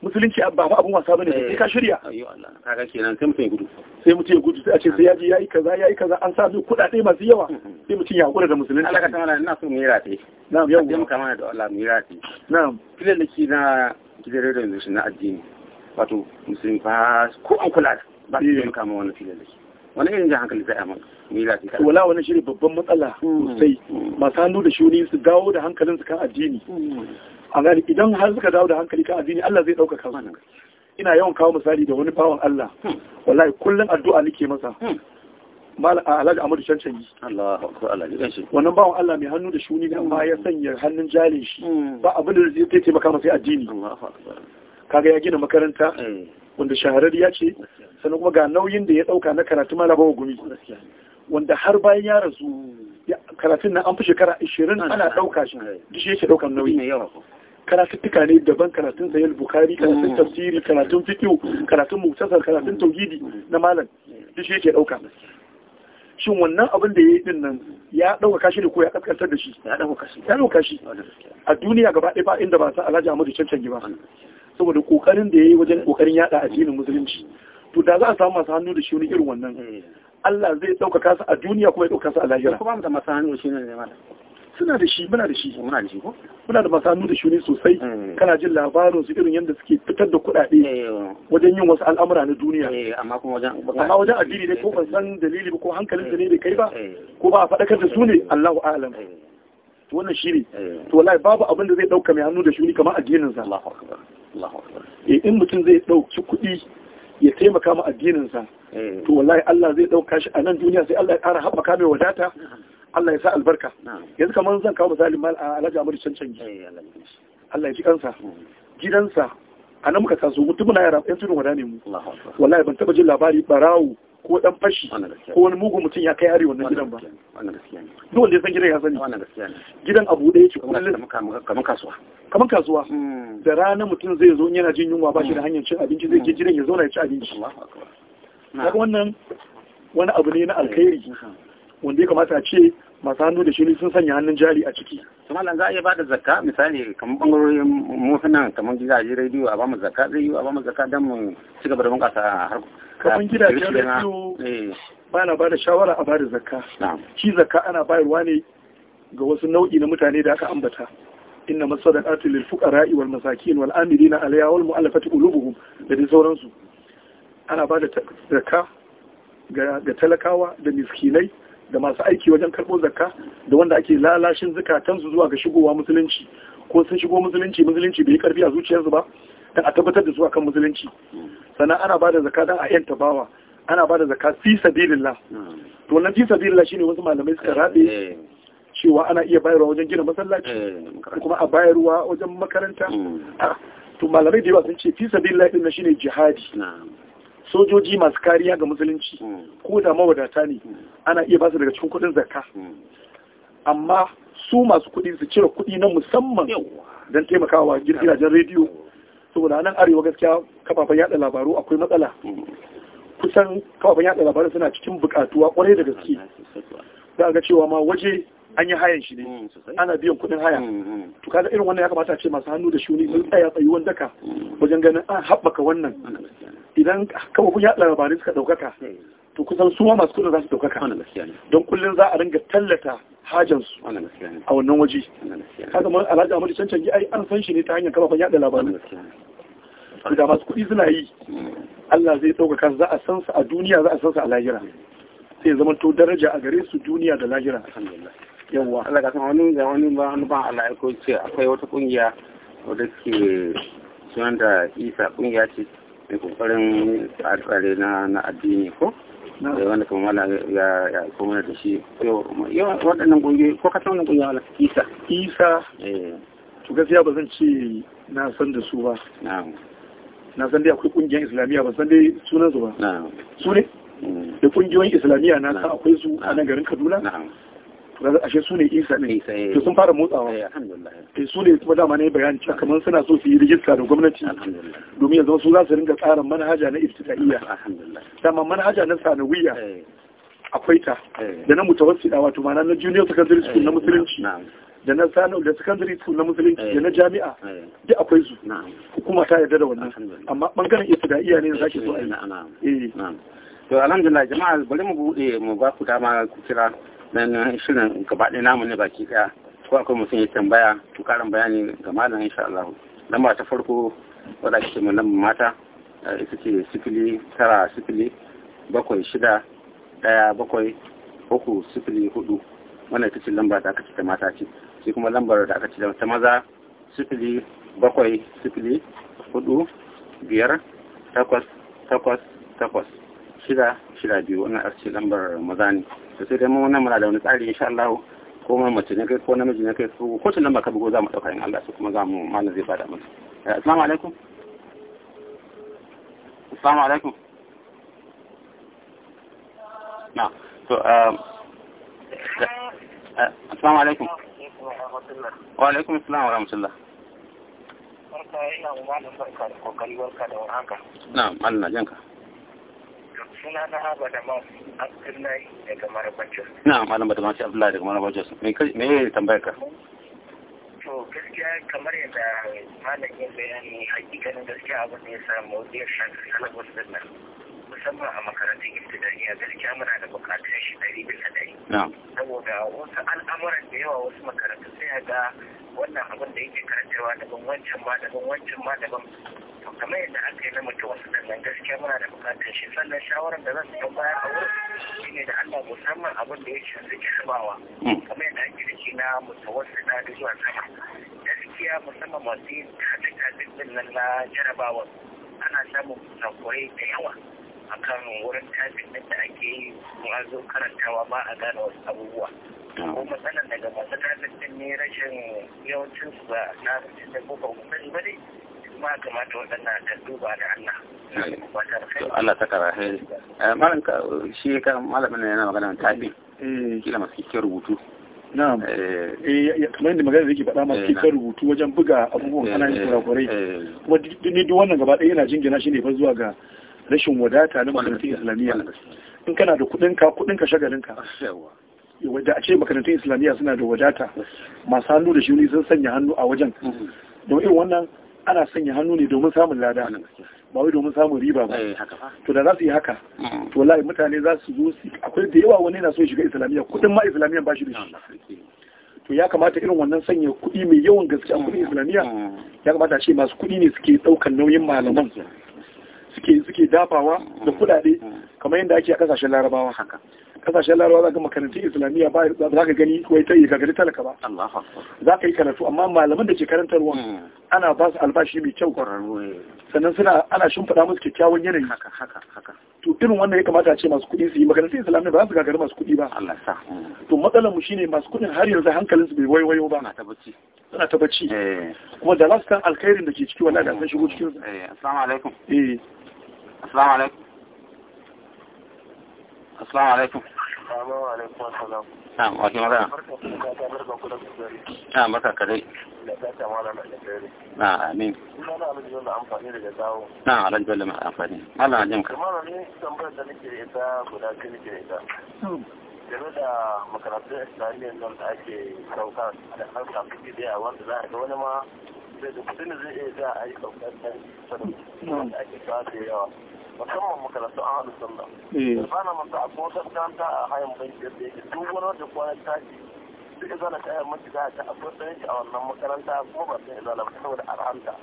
musulunci abba ba abun wasa bane sai ka eh. shirya kaga kenan sai mutum ya gudu sai mutum ya gudu sai a ce sai yaji yayi kaza yayi kaza an sa duk kudade masu yawa sai mutum ya hakura da musulunci Allah ka tana ina so mu yirate na'am yau mu kama da Allah mu yirate na'am kila da ki na gidan rediyon na addini wato musulmi fa ko an kula ba ki mu kama wannan filan da wani irin jan hankali zai amana milati ta wala wani shiri babban matsala hmm. sosai hmm. masu hannu da shuni su dawo da hankalin su kan addini hmm. a gani idan har suka dawo da hankali kan addini Allah zai dauka kansu ina yawan kawo misali da wani bawan Allah wallahi kullum addu'a nake masa mala a alaji amadu cancanyi wannan bawan allah mai hannu da shuni da amma ya sanya hannun jalin shi ba abin da zai taimaka masa addini kaga ya gina makaranta wanda ya ce sannan kuma ga nauyin da ya dauka na karatu malabawa gumi wanda har bayan ya rasu karatun na an fi shekara 20 ana dauka shi duk shi yake daukan nauyi karatuttuka ne daban karatun sayar bukari karatun mm. tafsiri karatun fikiyu karatun mutasar karatun tauhidi na malam duk shi yake dauka shin wannan abin da ya yi din nan ya dauka kashi ne ko ya kaskantar da shi ya dauka kashi ya dauka kashi a duniya gaba ɗaya ba inda ba sa alhaji amadu cancanci ba saboda kokarin da ya yi wajen kokarin yada addinin musulunci to da za a samu masu hannu da shi wani irin wannan Allah zai dauka su a duniya kuma ya dauka su a lahira. Kuma da masu hannu shi ne mata. Suna da shi, muna da shi. Muna da shi ko? Muna da masu hannu da shi ne sosai. Mm. Kana jin labarin su irin yadda suke fitar da kuɗaɗe eh, eh, eh. wajen yin wasu al'amura na duniya. Amma kuma wajen amma wajen addini ne ko ban san dalili ba ko hankalin da ne bai kai ba ko ba a fadakar da su ne Allahu a'lam. to wannan ne, to wallahi babu abin da zai dauka mai hannu da shuni kamar addinin sa Allahu akbar Allahu eh in mutum zai dauki kuɗi ya taimaka ma addinin sa eh. to wallahi Allah zai dauka shi a nan duniya sai Allah ya ƙara haɓaka mai wadata Allah ya sa albarka yanzu kamar zan kawo misali mal Alhaji Amadu Cancangi eh, Allah ya ji kansa mm. gidansa a nan muka taso mutum na yara yan tudun wadane mu wallahi ban taba jin labari barawo ko dan fashi ko wani mugun mutum ya kai arewa wannan gidan ba wannan ne wanda ya san gidan ya sani gidan abu da yake kullum kamar kasuwa kamar kasuwa hmm. da rana mutum zai zo yana jin yunwa ba shi da hmm. hanyar cin abinci zai je gidan ya zauna ya ci abinci wannan wani abu ne na alkhairi wanda ya kamata a ce masu hannu da shiri sun sanya hannun jari a ciki malam za a iya bada zakka misali kamar bangarorin mutunan kamar gidaje rediyo a bamu zakka zai yi a bamu zakka don mu ci gaba da bunƙasa har kamar gidajen rediyo eh. ba na bada shawara a bada zakka shi zakka ana bayarwa ne ga wasu nau'i na mutane da aka ambata inna masadaqatu lil fuqara'i wal masakin wal amilina alayha wal mu'allafati qulubuhum da dai sauransu ana bada zakka ga talakawa da miskinai da masu aiki wajen karɓo zakka da wanda ake lalashin zukatansu zuwa ga shigowa musulunci ko sun shigo musulunci musulunci bai yi karfi a zuciyarsu ba dan a tabbatar da su akan musulunci sannan ana ba da zakka dan a yan tabawa ana ba da zakka fi sabilillah to wannan fi sabilillah shine wasu malamai suka rabe eh, eh. cewa ana iya bayarwa wajen gina masallaci eh, kuma a bayarwa wajen makaranta hmm. ah, to malamai da yawa sun ce fi sabilillah din shine jihadi sojoji masu kariya ga musulunci hmm. ko da mawadata ne hmm. ana iya basu daga cikin kuɗin zakka hmm. amma su masu kuɗi su cire kuɗi na musamman don taimakawa gidajen rediyo saboda nan arewa gaskiya kafafen yada labaru akwai matsala kusan kafafen yada labaru suna cikin bukatuwa kwarai da gaske za a ga cewa ma waje an yi hayan shi ne mm, ana biyan kuɗin haya mm, mm. to kaga irin wannan ya kamata a ce masu hannu da shuni sun tsaya wanda daka wajen ganin an haɓaka wannan idan kun yaɗa labarai suka ɗaukaka eh. to kusan suwa masu kudin za su ɗaukaka don kullum za a ringa tallata hajansu a wannan waje kaga mun alhaji amadu cancanci ai an san shi ne ta hanyar kun yaɗa labarai da masu kuɗi suna yi Allah zai ɗaukaka za a san su a duniya za a san su a lahira sai zama to daraja a gare su duniya da lahira alhamdulillah yawwa Allah ka san wani ga wani ba wani ba Allah ya ce akwai wata kungiya wadda ke sunan da Isa kungiya ce mai kokarin tsare na na addini ko eh, wanda kuma mala ya ya kuma da shi yau waɗannan kungiyoyi ko ka san wannan kungiya Allah Isa Isa eh to gaskiya ba zan ce na san da su ba na'am na san dai akwai kungiyar islamiyya ba san dai sunan su ba su ne mm. da kungiyoyin islamiyya na san akwai su a nan garin kaduna ashe su ne isa ne eh. to sun fara motsawa to eh, eh, su ne kuma dama ne bayani cewa kamar suna so su yi rijista da gwamnati domin yanzu zama su za su ringa tsara manhaja na ibtidaiya dama manhaja na sanawiyya akwai ta da na mutawassida wato ma'ana na junior secondary school na musulunci da na sanu da secondary school na musulunci da na jami'a duk akwai su hukuma ta yarda da wannan amma bangaren ibtidaiya ne da zaki so a yi to alhamdulillah jama'a bari mu bude mu ba ku dama ku kira nan shirin gaba ɗaya namu ne baki ɗaya ko akwai mutum ya tambaya to karin bayani ga malam insha Allah lamba ta farko wadda ake mu lamba mata eh, ita ce sifili tara sifili bakwai shida ɗaya bakwai uku sifili hudu wannan ita ce lamba da aka ce ta mata ce sai kuma lambar da aka ce ta maza sifili bakwai sifili hudu biyar takwas takwas takwas shida shida biyu wannan ita ce lambar maza ne to sai dai mun muna da wani tsari insha Allah ko ma mace ne kai ko namiji ne kai ko ko tunan baka bugo za mu dauka in Allah su kuma za mu malam zai bada musu eh, assalamu alaikum assalamu alaikum na to eh, eh, assalamu alaikum wa alaikum assalam wa rahmatullah barka ina umma da barka da kokari barka da warhaka na'am Allah janka suna na abadaman abdullahi daga marabacin na malam bada mace abdullahi daga marabacin me ya tambayar ka to gaskiya kamar yadda malamin bayani hakikanin gaskiya abin da ya samu ya shafi salabus din nan musamman a makarantun ibtidaiya gaskiya muna da bukatun shi dari bisa dari saboda wasu al'amuran da yawa wasu makarantu sai ga wannan abin da yake karantarwa daban wancan ma daban wancan ma daban kamar yadda aka yi na mutu wasu dangan gaskiya muna da bukatar shi sannan shawarar da zan ɗan baya a wurin shi ne da Allah musamman abin da ya ci su ki subawa kamar yadda ake da shi na mutu wasu da zuwa sama gaskiya musamman masu yin tafi-tafi din nan na jarabawa ana samun sakwai da yawa akan wurin tafin da ake yi a zo karantawa ba a gane wasu abubuwa hmm. ko matsalar daga masu tafin din ne rashin yawancin su ba na da kofar musamman ba dai kuma kamata waɗannan da duba da Allah Allah ta kara eh, malam ka shi ka malamin yana magana tabi eh. kila masu kike rubutu na'am eh, eh kamar yadda magana yake faɗa masu kike rubutu wajen buga abubuwan kurakurai kuma ni duk wannan gaba ɗaya yana jingina shi ne fa zuwa ga rashin wadata na makarantun islamiyya in kana da kuɗin ka kuɗin ka shagalin ka da a ce makarantun islamiyya suna da wadata masu hannu da shi sun sanya hannu a wajen mm-hmm. don irin wannan ana sanya hannu ne domin samun lada ba wai domin samun riba ba eh, to da za su yi haka mm. to lai mutane za su zo su akwai da yawa wani na so shiga islamiyya kudin ma islamiyya ba shi da shi to ya kamata irin wannan sanya kuɗi mai yawan gaske a mm. kudin islamiyya mm. ya kamata a ce masu kuɗi ne suke daukan nauyin malaman suke dafawa da kudade kamar yadda ake a kasashen larabawa haka kasashen larawa za ka makarantun islamiyya ba za ka gani wai ta yi gagari talaka ba za ka yi karatu amma malaman da ke karantarwa hmm. ana ba su albashi mai kyau eh. sannan suna ana shimfiɗa musu kyakkyawan yanayi to irin wannan ya kamata a ce masu kuɗi su yi makarantun islamiyya ba za su gagari masu kuɗi ba hmm. to matsalar mu shine masu kuɗin har yanzu hankalinsu bai waiwayo ba suna ta bacci eh. kuma da za su san alkhairin da ke ciki wani da hmm. sun shigo cikin su eh, assalamu alaikum eh assalamu alaikum Assalamu alaikum. Assalamu alaikum assalam. wa ke magana? barka ka dai. Na'am, amin. na alhaji wanda amfani amfani. Allah jin ka. Kuma ne tambayar da nake ita guda ce nake ita. Game da makarantun Islamiyyar nan da ake sauka da harka kuɗi da wanda za a ga wani ma sai da kuɗin zai iya za a yi saukar da ake kawo da yawa. musamman makarantu an haɗu sunna eh. ba na manta akwai wata makaranta a hayan banki da yake duk wani wata kwana tashi duk izana ta yamma ci ta akwai ɗan a wannan makaranta kuma ba ta izana ba saboda arhanta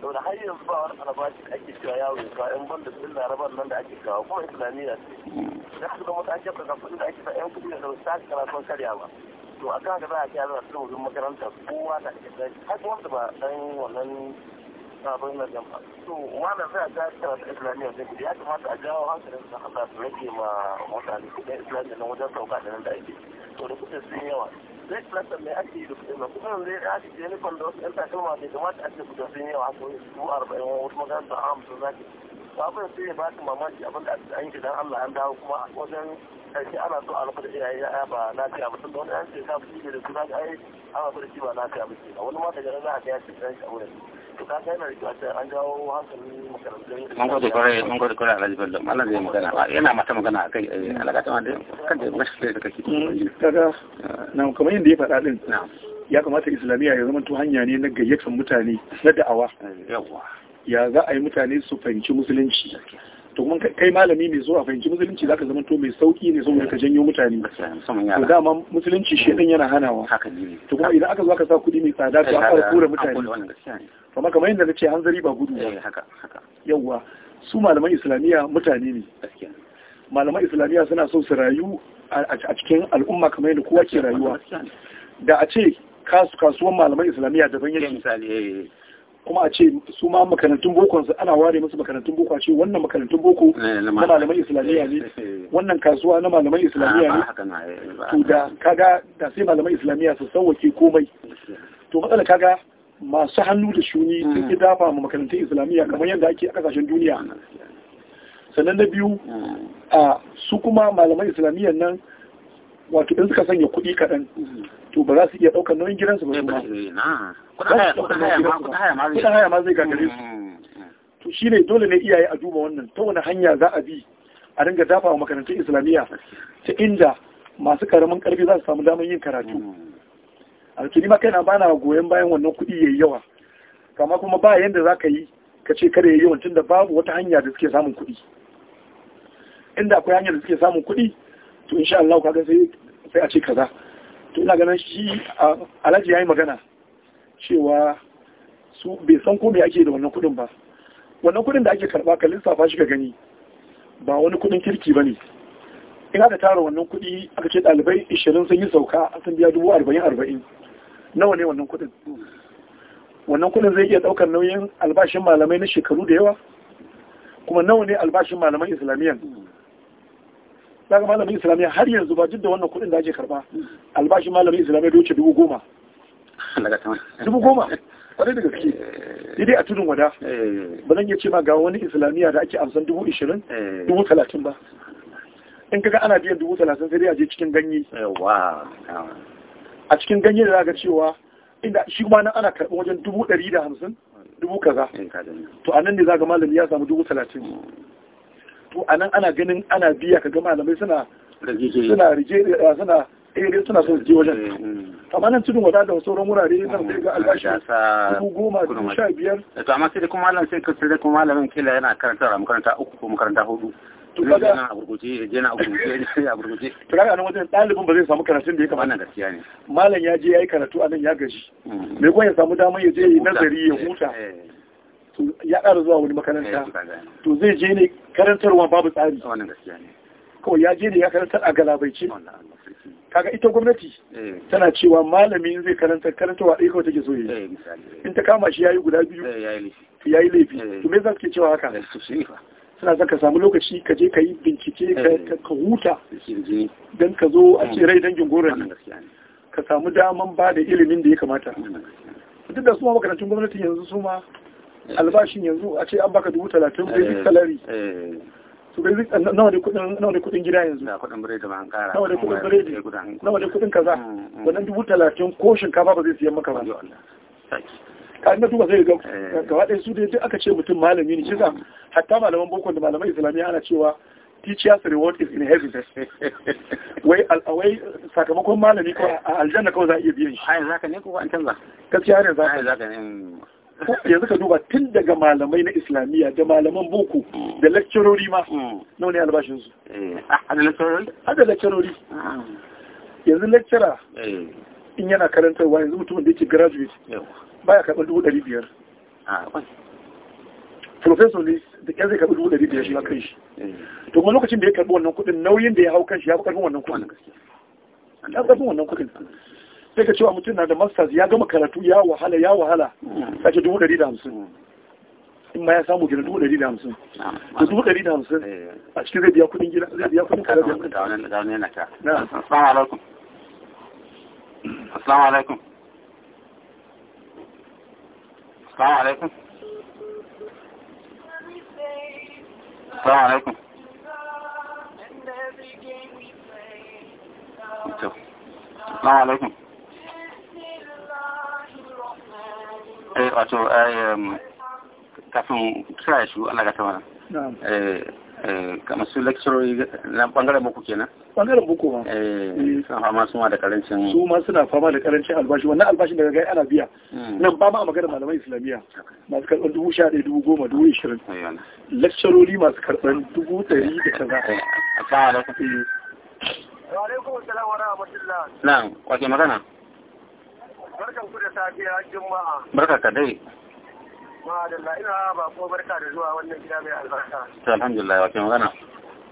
saboda har yanzu ba wani albashi da ake cewa yaro ya kawo ban da sun larabar nan da ake kawo kuma islamiyya ce da haka da mata ake ɗaga kuɗi da ake sa 'yan kuɗi da ɗauki ta karatun karya ba to a kan haka za a kyara da su makaranta kowa da ake sa har wanda ba wannan sabon na jama'a to wanda sai a ga ta islamiyya da ya kamata a jawo hankalin su haka su rage ma mutane kudin islamiyya na wajen sauka da nan da ake to da kudin sun yawa zai filasta mai ake yi da kudin na kudin zai ya ake jini kwanda wasu yan takalma bai kamata a ce kudin sun yawa haka su arba'in wasu makaranta a hamsin zaki babin sai ya ba su mamaki abin da an yi gidan Allah an dawo kuma wajen ƙarshe ana so a rufe da iyaye ya ba lafiya ba tun da wani an ce ka fi da su ai ana so da shi ba lafiya ba ce wani ma da gani za a ga ya ce ɗan shi a wurin mun gode kwarai mun gode kwarai da kan da mashi da na ya faɗa kamata islamiyya ya zama to hanya ne na gayyatar mutane na da'awa eh, ya za a yi mutane su fahimci musulunci to mun kai malami mai zuwa fahimci musulunci zaka zama to mai sauki ne saboda ka janyo mutane to dama musulunci shi din yana hanawa to kuma idan aka zo aka sa kuɗi mai tsada to aka kura mutane kuma kamar yadda nace zari ba gudu ba eh, yawwa su malaman islamiyya mutane ne malaman islamiyya suna so su rayu a cikin al'umma kamar yadda kowa ke rayuwa da a ce kasuwan malaman islamiyya daban yake misali eh, eh, kuma a ce su ma makarantun bokon su ana ware musu makarantun boko a ce wannan makarantun boko eh, na malaman islamiyya ne <laughs> wannan kasuwa na malaman islamiyya ah, ne eh, to da kaga da sai malaman islamiyya su sauwake komai to matsala kaga masu hannu da shuni sun ki hmm. dafa ma makarantun islamiyya kamar yadda ake a kasashen duniya ah, sannan na biyu hmm. a su kuma malaman islamiyya nan wato in suka sanya kuɗi kaɗan hmm. to ba za su iya ɗaukar nauyin gidansu ba su ma kuɗin haya ma zai gagare su mm, mm, mm. to shi ne dole ne iyaye a duba wannan ta wani hanya za a bi a dinga dafa wa makarantun islamiyya ta inda masu karamin karfi za su samu damar yin karatu a tuni ma kaina bana goyon bayan wannan kuɗi yayi yawa kama kuma ba yanda za ka yi ka ce kada yayi yawan da babu wata hanya da suke samun kuɗi inda akwai hanyar da suke samun kuɗi to insha Allah ka ga sai a ce kaza to ina ganin shi alhaji ya yi magana cewa su bai san ko ake da wannan kudin ba wannan kudin da ake karba ka lissafa shi ga gani ba wani kudin kirki ba ne Ina da tara wannan kudi aka ce ɗalibai 20 sun yi sauka a sun biya dubu arba'in arba'in nawa ne wannan kudin wannan kudin zai iya ɗaukar nauyin albashin malamai na shekaru da yawa kuma nawa ne albashin malaman islamiyyan kaga malamin islamiyya har yanzu ba duk da wannan kuɗin da ake karba albashin malamin islamiyya doce dubu goma dubu goma kwarai da gaske eh. idai a tudun wada eh. ba zan iya ce ma ga wani islamiyya da ake amsan dubu ishirin eh. dubu talatin ba in kaga ana biyan dubu talatin sai dai a je cikin ganye a cikin ganye da zaga cewa inda shi kuma nan ana karɓi wajen dubu ɗari da hamsin dubu kaza to a nan ne zaga malami ya samu dubu talatin mm. to anan ana ganin ana biya ka ga malamai suna suna rije suna eh suna so je wajen eh, hmm. amma nan tudun wada da sauran wurare hmm. ne sai ga albashi dubu goma sha biyar eh, to amma sai kuma malam sai ka sai kuma malamin kila yana karanta a makaranta uku ko makaranta hudu to kaga a gurguje yana a gurguje a gurguje to kaga nan wajen dalibin ba zai samu karatun da ya kamata gaskiya ne malam ya je yayi karatu anan ya gaji me hmm. gwan ya samu damar ya je yi nazari ya huta eh, to ya ƙara zuwa wani makaranta eh, to zai je ne karantarwa babu tsari kawai ya je ne ya karantar a galabaice kaga ita gwamnati eh. tana cewa malami zai karantar karantarwa ɗaya kawai take so yi eh, in ta kama shi ya yi guda biyu ya yi laifi to me zan ke cewa haka suna zaka samu lokaci ka je ka yi bincike ka huta don ka zo a ce rai dangin goron ka samu daman ba da ilimin da ya kamata duk da su ma makarantun gwamnati yanzu su ma albashin yanzu a ce an baka dubu talatin basic eh, salary su eh. basic eh, nawa da kudin gida yanzu nawa da kudin biredi nawa da kudin kaza mm, mm. wannan dubu talatin ko shinkafa ba zai siyan maka ba ka ina duba zai ga gaba ɗaya su dai aka ce mutum malami ne kisa mm. hatta malaman boko da malaman islamiyya ana cewa teacher's reward is in heaven <laughs> wai alawai sakamakon malami ko a aljanna kawai za a iya biyan shi ai zaka ne ko an canza gaskiya ne zaka ne yanzu ka duba tun daga malamai na islamiyya da malaman boko da lakcarori ma nawa ne albashinsu hada eh, ah, lakcarori hada lakcarori ah. yanzu lakcara eh. in yana karantarwa yanzu mutumin da yake graduate baya karɓar dubu ɗari biyar ah, professor ne da ƙyar zai karɓi dubu ɗari biyar shi ma kai shi eh. to kuma lokacin da ya karɓi wannan kuɗin nauyin da ya hau kan shi ya fi ƙarfin wannan kuɗin ya fi ƙarfin wannan kuɗin sai ka cewa mutum na da masters ya gama karatu ya wahala ya wahala hmm. dubu ɗari da hamsin hmm. in ma ya samu gida dubu ɗari da hamsin da dubu ɗari da hamsin eh. a cikin zai biya kudin gida zai biya kudin karatu. da wani yana Eh, wato eh, kafin kira shi Allah ka tawara eh, kamar su lecturori na bangaren muku kenan bangaren muku ma suna fama suna da karancin su ma suna fama da karancin albashi wannan albashi daga gai ana biya hmm. nan ba ma a magana malamai islamiyya masu karɓar dubu sha ɗaya dubu goma dubu ishirin lecturori masu karɓar dubu ɗari da kaza a wa tsawon alaikun. Na'am, kwace magana? Barkan ku da safiya Juma'a. Barka ka dai. Ma'adalla ina ba ko barka da zuwa wannan gida mai albarka. Alhamdulillah wa kin magana.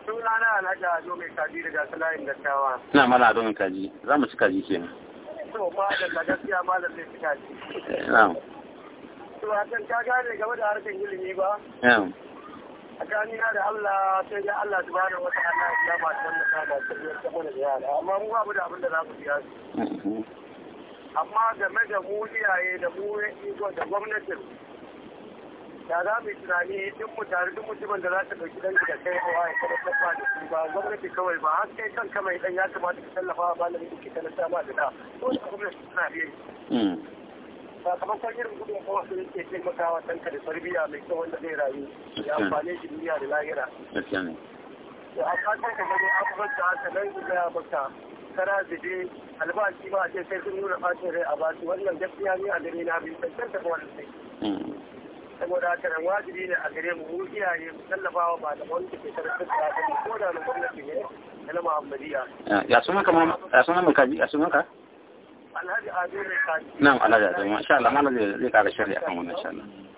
Suna na Alhaji Ado mai kaji daga Salayin Dattawa. Ina mana Ado mai kaji. Za mu ci kaji kenan. To ma'adalla gaskiya malam sai ci kaji. Na'am. To hakan ka gane game da harkar ilimi ba? Na'am. tsakanina da Allah sai da Allah su bada wata Allah ya ba ta wannan kama ta biyar ta mana da yara amma mu ba mu da abin da za mu biya su. Mm-hmm. amma game da mu iyaye da mu iko da gwamnatin da za mu tunani duk mu tare duk mutumin da za ta ɗauki ɗan da kai a waye kada ta da su ba gwamnati kawai ba har kai kanka mai ɗan ya kamata ka tallafa ba malami da ki talata ma da da ko da gwamnati suna iya yi. sakamakon irin gudun kuma su yake taimakawa tanka da tarbiyya mai kyau wanda zai rayu ya hmm. amfane shi duniya da lahira. Gaskiya ne. Amma kanka gani abubuwan da aka nan gida maka karkara su je albashi ba a ce sai sun nuna fashin rai a basu wannan gaskiya ne a gare na bi tantance ba wannan sai saboda haka nan wajibi ne a gare mu mu iyaye mu tallafawa ba da wani ke karkar da mu ko da na gwamnati ne da na muhammadiya ya sunan ka ya sunan ka ya sunan ka Alhaji Ado ne kaji na'am Alhaji Ado masha Allah malam zai kara shari'a kan wannan insha Allah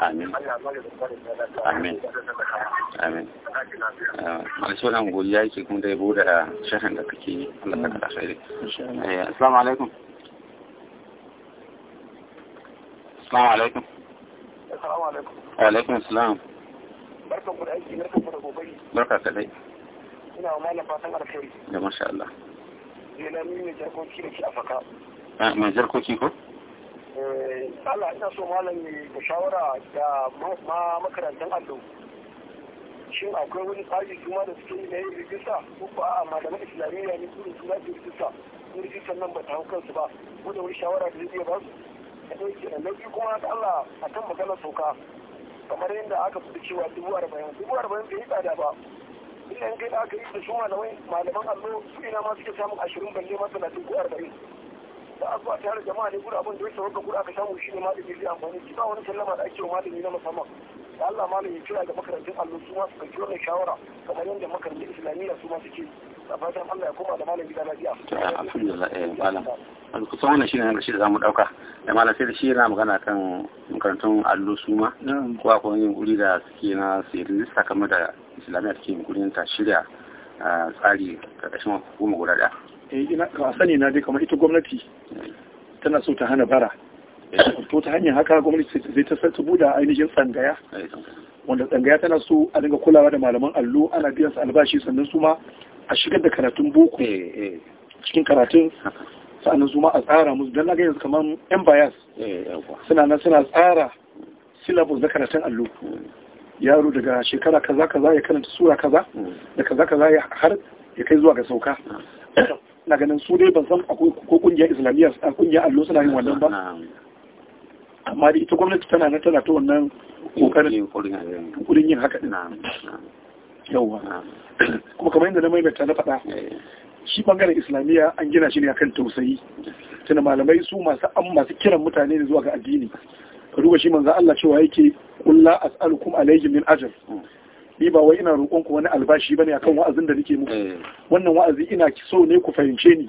amin amin amin wani eh, sunan godiya yake kuma da yabo da shahan da kake yi Allah ka kada shaidi eh, assalamu alaikum assalamu alaikum assalamu alaikum wa alaikum assalam da barka ka dai ina wa malam fatan alkhairi da masha Allah ne na mini jarkoki da ke afaka eh, mai jarkoki ko Eh, Allah ina so malam ku shawara da ma makarantar allo shin akwai wani tsari kuma da suke yi na yin rijista ko ba a malaman islamiyya ne kuma su yin rijista ko rijistar nan ba ta hau kansu ba ko da wani shawara da zai ba su da ɗaya kenan na biyu kuma da Allah a kan maganar sauka kamar yadda aka fi cewa dubu arba'in dubu arba'in bai yi tsada ba ina kai da aka yi da su malamai malaman allo su ina ma suke samun ashirin balle ma talatin ko arba'in da a zuwa tare jama'a ne gudu abin da yake wanka gudu aka samu shi ne malami zai amfani shi ba wani sallama da ake wa malami na musamman da Allah malami kira ga makarantun allo su ma su ɗauki wannan shawara kamar yadda makarantun islamiyya su ma suke da fatan Allah ya koma da malami gidan lafiya. Alhamdulillah eh malam. kusan wannan ne nan shi da zamu ɗauka da malam sai da shi yana magana kan makarantun allo su ma ko akwai yin guri da suke na sirri kamar da islamiyya suke yin guri ta shirya ah, tsari ƙarƙashin hukuma guda ɗaya. Eh, ka sani na dai kamar ita gwamnati tana so ta hana bara to ta hanyar haka gwamnati zai ta sarta buda ainihin tsangaya wanda tsangaya tana so a dinga kulawa da malaman allo ana biyan su albashi sannan su ma a shigar da karatun boko eh, eh. cikin karatun sannan su ma a tsara musu don na yanzu kamar yan bayas suna nan suna tsara syllabus na karatun allo hmm. yaro daga shekara kaza kaza ya karanta sura kaza hmm. da kaza kaza ya har ya kai zuwa ga sauka hmm. na ganin su dai ban san ko kungiyar islamiyya a kungiyar allo suna yin wannan ba amma da ita gwamnati tana na tana ta wannan kokarin kudin yin haka yauwa kuma kamar yadda na maimaita na faɗa eh, eh. shi bangaren islamiyya an gina shi ne akan tausayi tana malamai su masu an masu kiran mutane da zuwa ga addini ka duba shi manzo Allah cewa yake kullu as'alukum alayhi min ajr hmm. ni ba wai ina roƙon ku wani albashi bane akan wa'azin da nake muku eh. wannan wa'azi ina so ne ku fahimce ni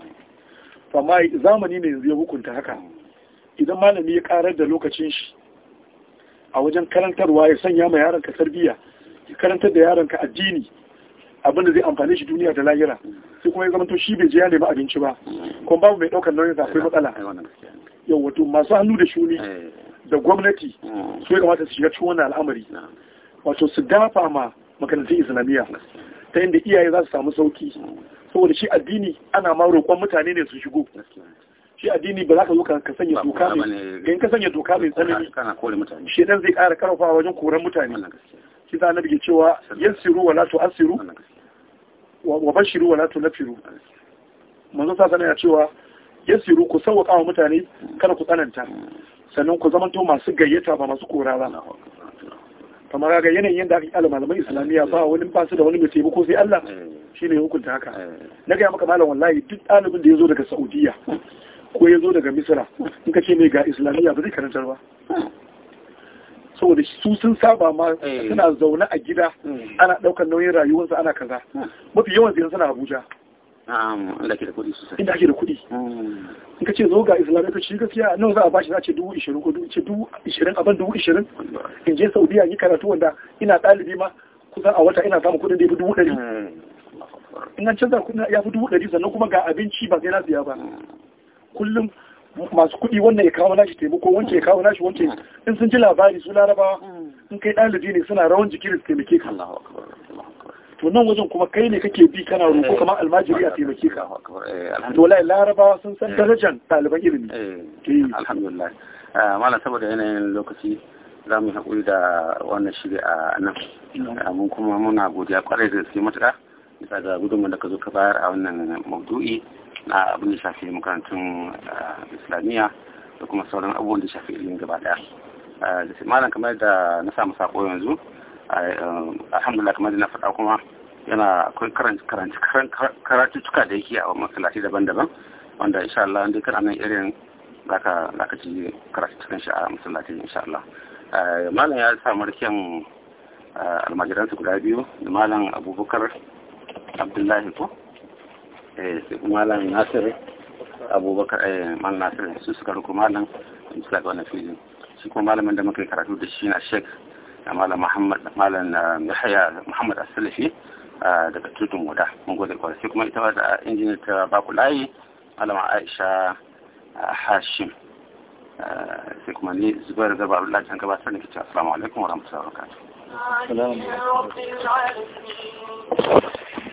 amma zamani ne yanzu ya hukunta haka idan malami ya karar da lokacin shi a wajen karantarwa ya sanya ma ka tarbiyya ya karantar da ka addini abinda zai amfani shi duniya da lahira sai kuma ya zama to shi bai je ya nemi abinci ba kuma babu mai daukar nauyin akwai eh, matsala yau wato masu hannu da shuni eh. da gwamnati hmm. su ya kamata su shiga cikin wannan al'amari wato su dafa ma makarantun islamiyya ta yadda iyaye za su samu sauki saboda shi addini ana ma roƙon mutane ne su shigo shi addini ba za ka zo ka sanya doka mai in ka sanya doka mai tsanani shi dan zai ƙara karfafa wajen koran mutane shi za nabi cewa yansiru wala tu'siru wa bashiru wala tunfiru manzo sa sanaya cewa yansiru ku sauƙa wa mutane hmm. kada ku tsananta hmm. sannan ku to masu gayyata ba masu kora ba kamar ga yanayin yadda aka alama malaman islamiyya ba wani ba su da wani mai taimako sai Allah mm. shi ne hukunta haka mm. na gaya maka malam wallahi duk ɗalibin da ya zo daga saudiya ko ya zo daga misira in ka ce mai ga islamiyya ba zai karantar ba saboda su sun saba ma mm. suna zaune a gida ana ɗaukar nauyin rayuwarsa ana kaza mafi yawan suna abuja inda ke da kuɗi sosai inda ake da kuɗi mm. in ka ce zo ga islamic to shi gaskiya nan za a bashi za ce dubu ishirin ko dubu ce dubu ishirin abin dubu ishirin in je saudiya yi karatu wanda ina ɗalibi ma kusan a wata ina samun kuɗin da ya fi dubu ɗari mm. in an canza kuɗin ya fi dubu ɗari sannan kuma ga abinci ba zai na siya ba mm. kullum masu kuɗi wannan ya kawo nashi taimako wancan ya kawo nashi wancan in sun ji labari su larabawa in kai ɗalibi ne suna rawan jiki da su taimake ka to nan wajen kuma kai ne kake bi kana roƙo eh. kuma almajiri a taimake ka eh, to wallahi larabawa sun san eh. darajar Daliban, ilimi alhamdulillah malam saboda yanayin lokaci za mu haƙuri da wannan shiri a nan mun kuma muna godiya kwarai da gaske matuƙa bisa ga gudunmu da ka zo ka bayar a wannan maudu'i na abin da shafi makarantun islamiyya da kuma sauran abubuwan da shafi ilimin gaba ɗaya malam kamar da na samu sako yanzu alhamdulillah kamar da na faɗa kuma yana akwai tuka da yake a masallaci daban-daban wanda insha Allah wanda kan anan irin zaka zaka karatu karatuttukan shi a masallaci insha Allah eh, malam ya samu rikin eh, almajiran su guda biyu da malam Abubakar Abdullahi ko eh malam Nasir Abubakar eh malam Nasir su suka ruku malam su ga wannan filin shi kuma malamin da muka karatu da shi na Sheikh da malam muhammad da malam eh, yahaya muhammad asalafi eh, daga tutun guda mun gode kwarai sai kuma ita da injiniyar ta baku layi malam aisha eh, hashim sai kuma ni zubar da babu lajin gabatar da kici assalamu alaikum wa rahmatullahi wa barakatuh